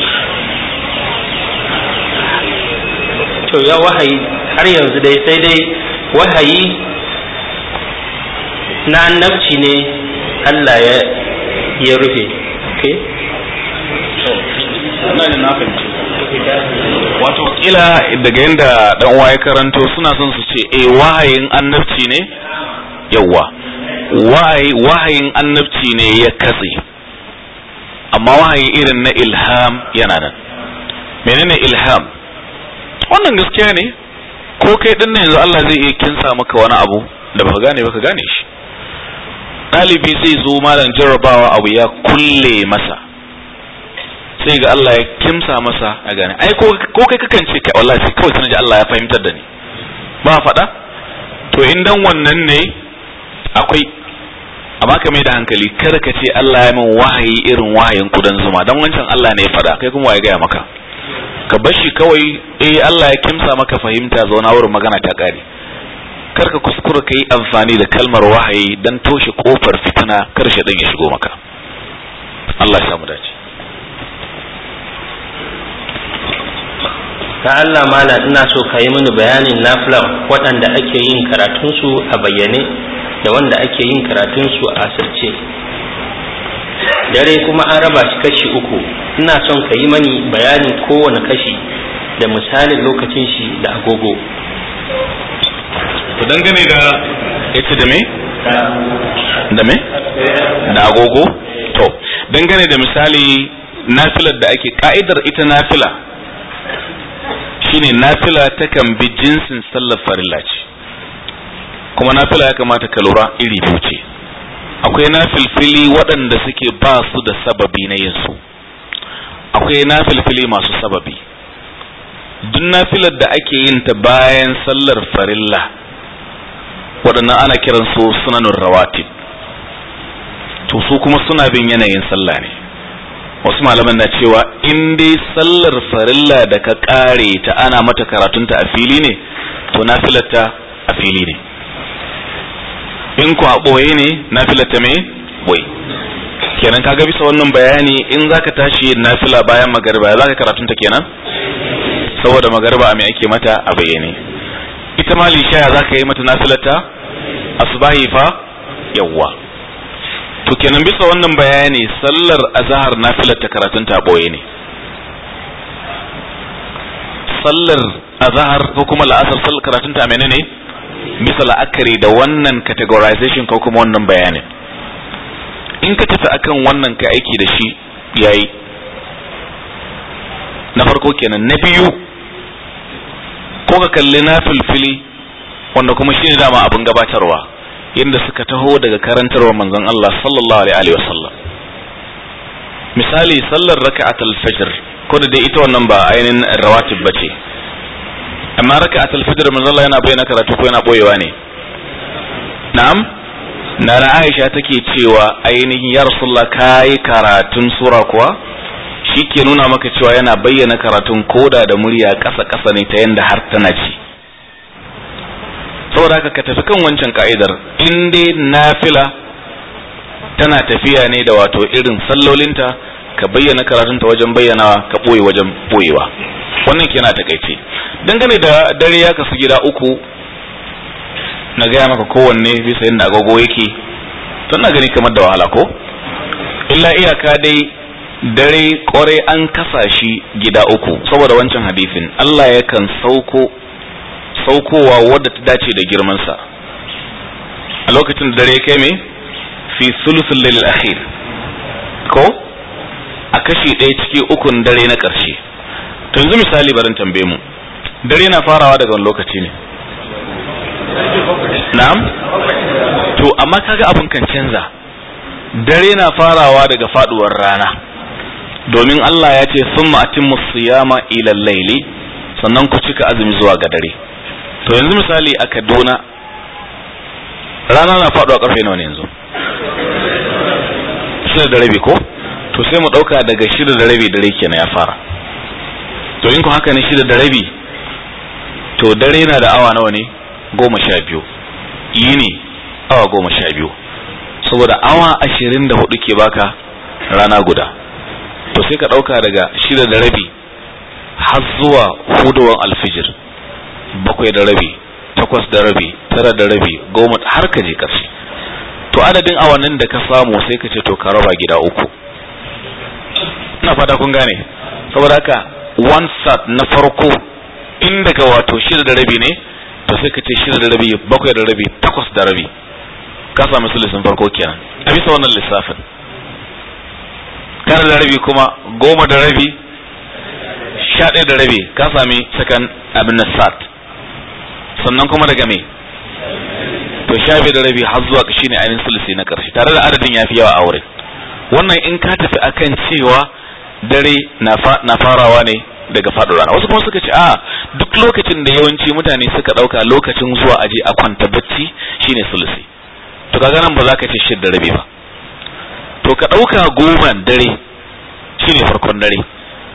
to ya wahayi har yanzu dai sai dai wahayi na annabci ne Allah ya ya rufe okay wato kila daga yadda dan uwa ya karanto suna son su ce eh wahayin annabci ne yawwa wahayin annabci ne ya katse amma wahayi irin na ilham yana nan menene ilham wannan gaskiya ne ko kai din ne yanzu Allah zai iya kinsa maka wani abu da baka gane baka gane shi ɗalibi zai zo malam jarrabawa abu ya kulle masa sai ga Allah ya kimsa masa a gane ai ko kai kakan ce kai wallahi sai kawai sanaji Allah ya fahimtar da ni ba faɗa to in dan wannan ne akwai amma ka mai da hankali kar ka ce Allah ya min wahayi irin wahayin kudan zuma dan wancan Allah ne ya faɗa kai kuma ya gaya maka ka bar shi kawai eh Allah ya kimsa maka fahimta zauna wurin magana ta kare kar ka kuskura ka yi amfani da kalmar wahayi dan toshe kofar fitina kar shi dan ya shigo maka Allah ya samu dace ta Allah mala ina so ka yi mini bayanin nafilan waɗanda ake yin karatunsu a bayyane da wanda ake yin karatunsu a asirce dare kuma an raba shi kashi uku ina son ka yi mani bayanin kowane kashi da misalin lokacin shi da agogo ku dangane da ita da me da me da agogo to dangane da misali nafilar da ake ka'idar ita nafila shine nafila takan bi jinsin sallar farilla ce kuma nafila ya kamata ka lura iri biyu ce akwai na filfili waɗanda suke ba su da sababi na yin su akwai na filfili masu sababi duk nafilar da ake yin ta bayan sallar farilla waɗannan ana kiran kiransu sunanun rawatib to su kuma suna bin yanayin sallah ne wasu malaman na cewa in dai sallar farilla da ka ƙare ta ana mata karatunta a fili ne to nafilarta a fili ne in ku a ɓoye ne nafila ta me ɓoye kenan ga bisa wannan bayani in za ka tashi nafila bayan magariba ka karatun ta kenan saboda magariba a me ake mata a bayyane ita ma lishaya ka yi mata nafilata asbahi fa yawwa to kenan bisa wannan bayani sallar azahar nafilata karatun ta ɓoye ne sallar azahar ko kuma la'asar sallar karatun ta menene ne bisa la'akari da wannan categorization ko kuma wannan bayanin in ka tafi akan wannan ka aiki da shi yayi na farko kenan na biyu ko ka kalli na filfili wanda kuma shi ne dama abin gabatarwa yadda suka taho daga karantarwa manzon Allah sallallahu alaihi wa sallam misali sallar raka'atul fajr ko da dai ita wannan ba ainihin rawatib bace amma raka atul fajr manzo Allah yana bayyana karatu ko yana boyewa ne na'am na ra Aisha take cewa ainihin ya Rasulullah kai karatun sura kuwa shi ke nuna maka cewa yana bayyana karatun koda da murya kasa kasa ne ta yanda har tana ci saboda haka ka tafi kan wancan ka'idar in dai nafila tana tafiya ne da wato irin sallolinta ka bayyana karatunta wajen bayyanawa ka ɓoye wajen ɓoyewa wannan ke na takaice dangane da dare ya kasu gida uku na gaya maka kowanne bisa yadda agogo yake tun na gani kamar da wahala ko illa iyaka dai dare kore an kasa shi gida uku saboda wancan hadisin Allah ya kan sauko saukowa wadda ta dace da girmansa a lokacin da dare ya kai mai fi sulusul lailil akhir ko a kashi ɗaya ciki ukun dare na ƙarshe to yanzu misali barin tambaye mu dare na farawa daga wani lokaci ne na'am to amma kaga abin kan canza dare na farawa daga faduwar rana domin Allah ya ce sun ma'atin siyama ila laili sannan ku cika azumi zuwa ga dare to yanzu misali a Kaduna rana na faduwa karfe nawa ne yanzu shida da rabi ko to sai mu dauka daga shida da rabi dare kenan ya fara to in ku haka ne shida da rabi to dare na da awa nawa ne goma sha biyu ne awa goma sha biyu saboda awa ashirin da hudu ke baka rana guda to sai ka ɗauka daga shida da rabi har zuwa huduwan alfijir bakwai da rabi takwas da rabi tara da rabi goma har ka je ƙarshe to adadin awannin da ka samu sai ka ce to ka raba gida uku ina fata kun gane saboda haka one sat na farko in daga wato shida da rabi ne to sai ka ce shida da rabi bakwai da rabi takwas da rabi ka samu sulusun farko kenan a bisa wannan lissafin tara da rabi kuma goma da rabi sha ɗaya da rabi ka sami sakan abin na sat sannan kuma daga me to sha biyu da rabi har zuwa shi ne ainihin sulisi na ƙarshe tare da adadin ya fi yawa a wurin wannan in ka tafi akan cewa dare na farawa ne daga faɗin rana wasu kuma suka ce a ah, duk lokacin da yawanci mutane suka ɗauka lokacin zuwa aje a kwanta bacci shine sulusi to kaga nan ba za ka ce shidda rabi ba to ka ɗauka goma dare shine farkon dare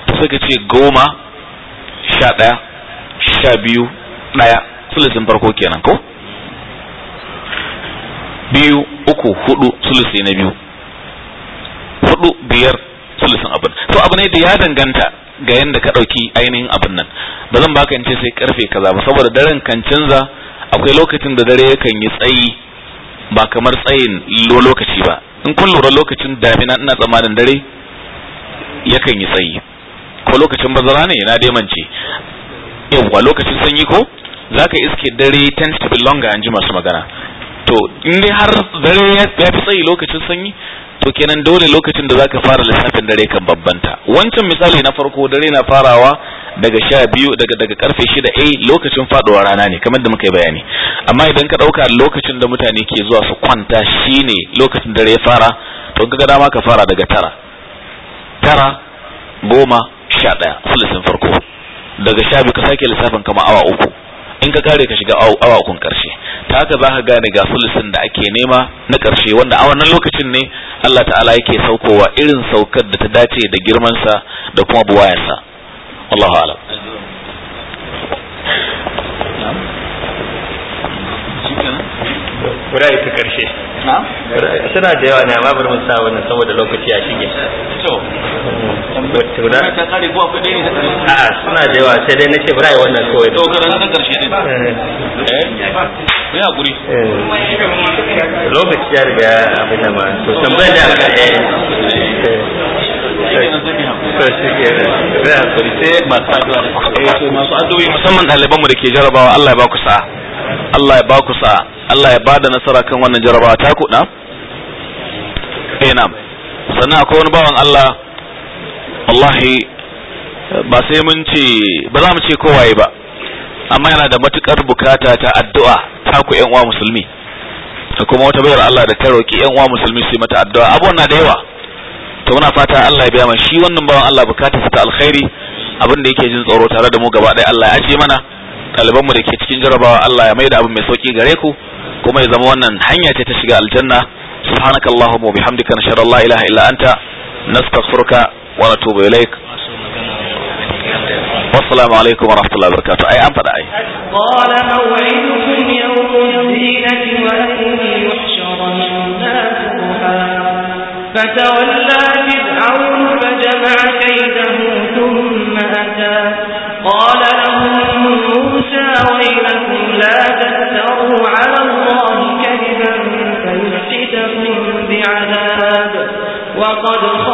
to suka ce goma sha ɗaya sha biyu ɗaya sulusin farko kenan ko biyu uku hudu sulusi na biyu hudu biyar sulusin abin so abu ne da ya danganta ga yanda ka ɗauki ainihin abin nan ba zan baka in ce sai karfe kaza ba saboda daren kan canza akwai lokacin da dare yakan yi tsayi ba kamar tsayin lokaci ba in kun lura lokacin damina ina tsammanin dare yakan yi tsayi ko lokacin bazara ne na mance yawwa lokacin sanyi ko zaka iske dare tends to be longer an ji masu magana to in dai har dare ya fi tsayi lokacin sanyi to kenan dole lokacin da zaka fara lissafin dare kan babbanta wancan misali na farko dare na farawa daga sha biyu daga daga karfe shida a eh, lokacin faduwa rana ne kamar da muka yi bayani amma idan ka dauka lokacin da mutane ke zuwa su kwanta shine lokacin dare ya fara to kaga dama ka fara daga tara tara goma sha ɗaya sulusin farko daga sha biyu ka sake lissafin kama awa uku in ka kare ka shiga awa karshe ta haka za ka gane ga sulusin da ake nema na karshe wanda a wannan lokacin ne Allah ta'ala yake saukowa irin saukar da ta dace da girmansa da kuma buwayarsa Allahu a'lam guda ita karshe suna da yawa ne amma bari mu sa wannan saboda lokaci ya shige tuna a da yawa sai dai nace bari wannan kawai to eh. Eh? ya guri eh. ya riga da ma to tambayar da ke jarabawa Allah ya ba ku sa'a Allah ya ba ku sa'a Allah ya ba da nasara kan wannan jarabawa ta ku na? eh na sannan akwai wani bawan Allah wallahi ba sai mun ce ba za mu ce kowaye ba amma yana da matukar bukata ta addu'a ta ku yan uwa musulmi ta kuma wata bayar Allah da ta roki yan uwa musulmi su mata addu'a abubuwan na da yawa to muna fata Allah ya biya mana shi wannan bawan Allah bukata ta alkhairi abin da yake jin tsoro tare da mu gaba ɗaya Allah ya ajiye mana ɗalibanmu da ke cikin jarabawa Allah ya da abin mai sauki gare ku kuma ya zama wannan hanya ce ta shiga aljanna subhanakallahumma wa bihamdika nashhadu an la ilaha illa anta nastaghfiruka ونتوب إليك والسلام عليكم ورحمة الله وبركاته أي أنت أي قال موعدكم يوم الزينة وأن يحشر الناس فتولى فرعون فجمع كيده ثم أتى قال لهم موسى ويلكم لا تفتروا على الله كذبا فيحشدكم بعذاب وقد خلق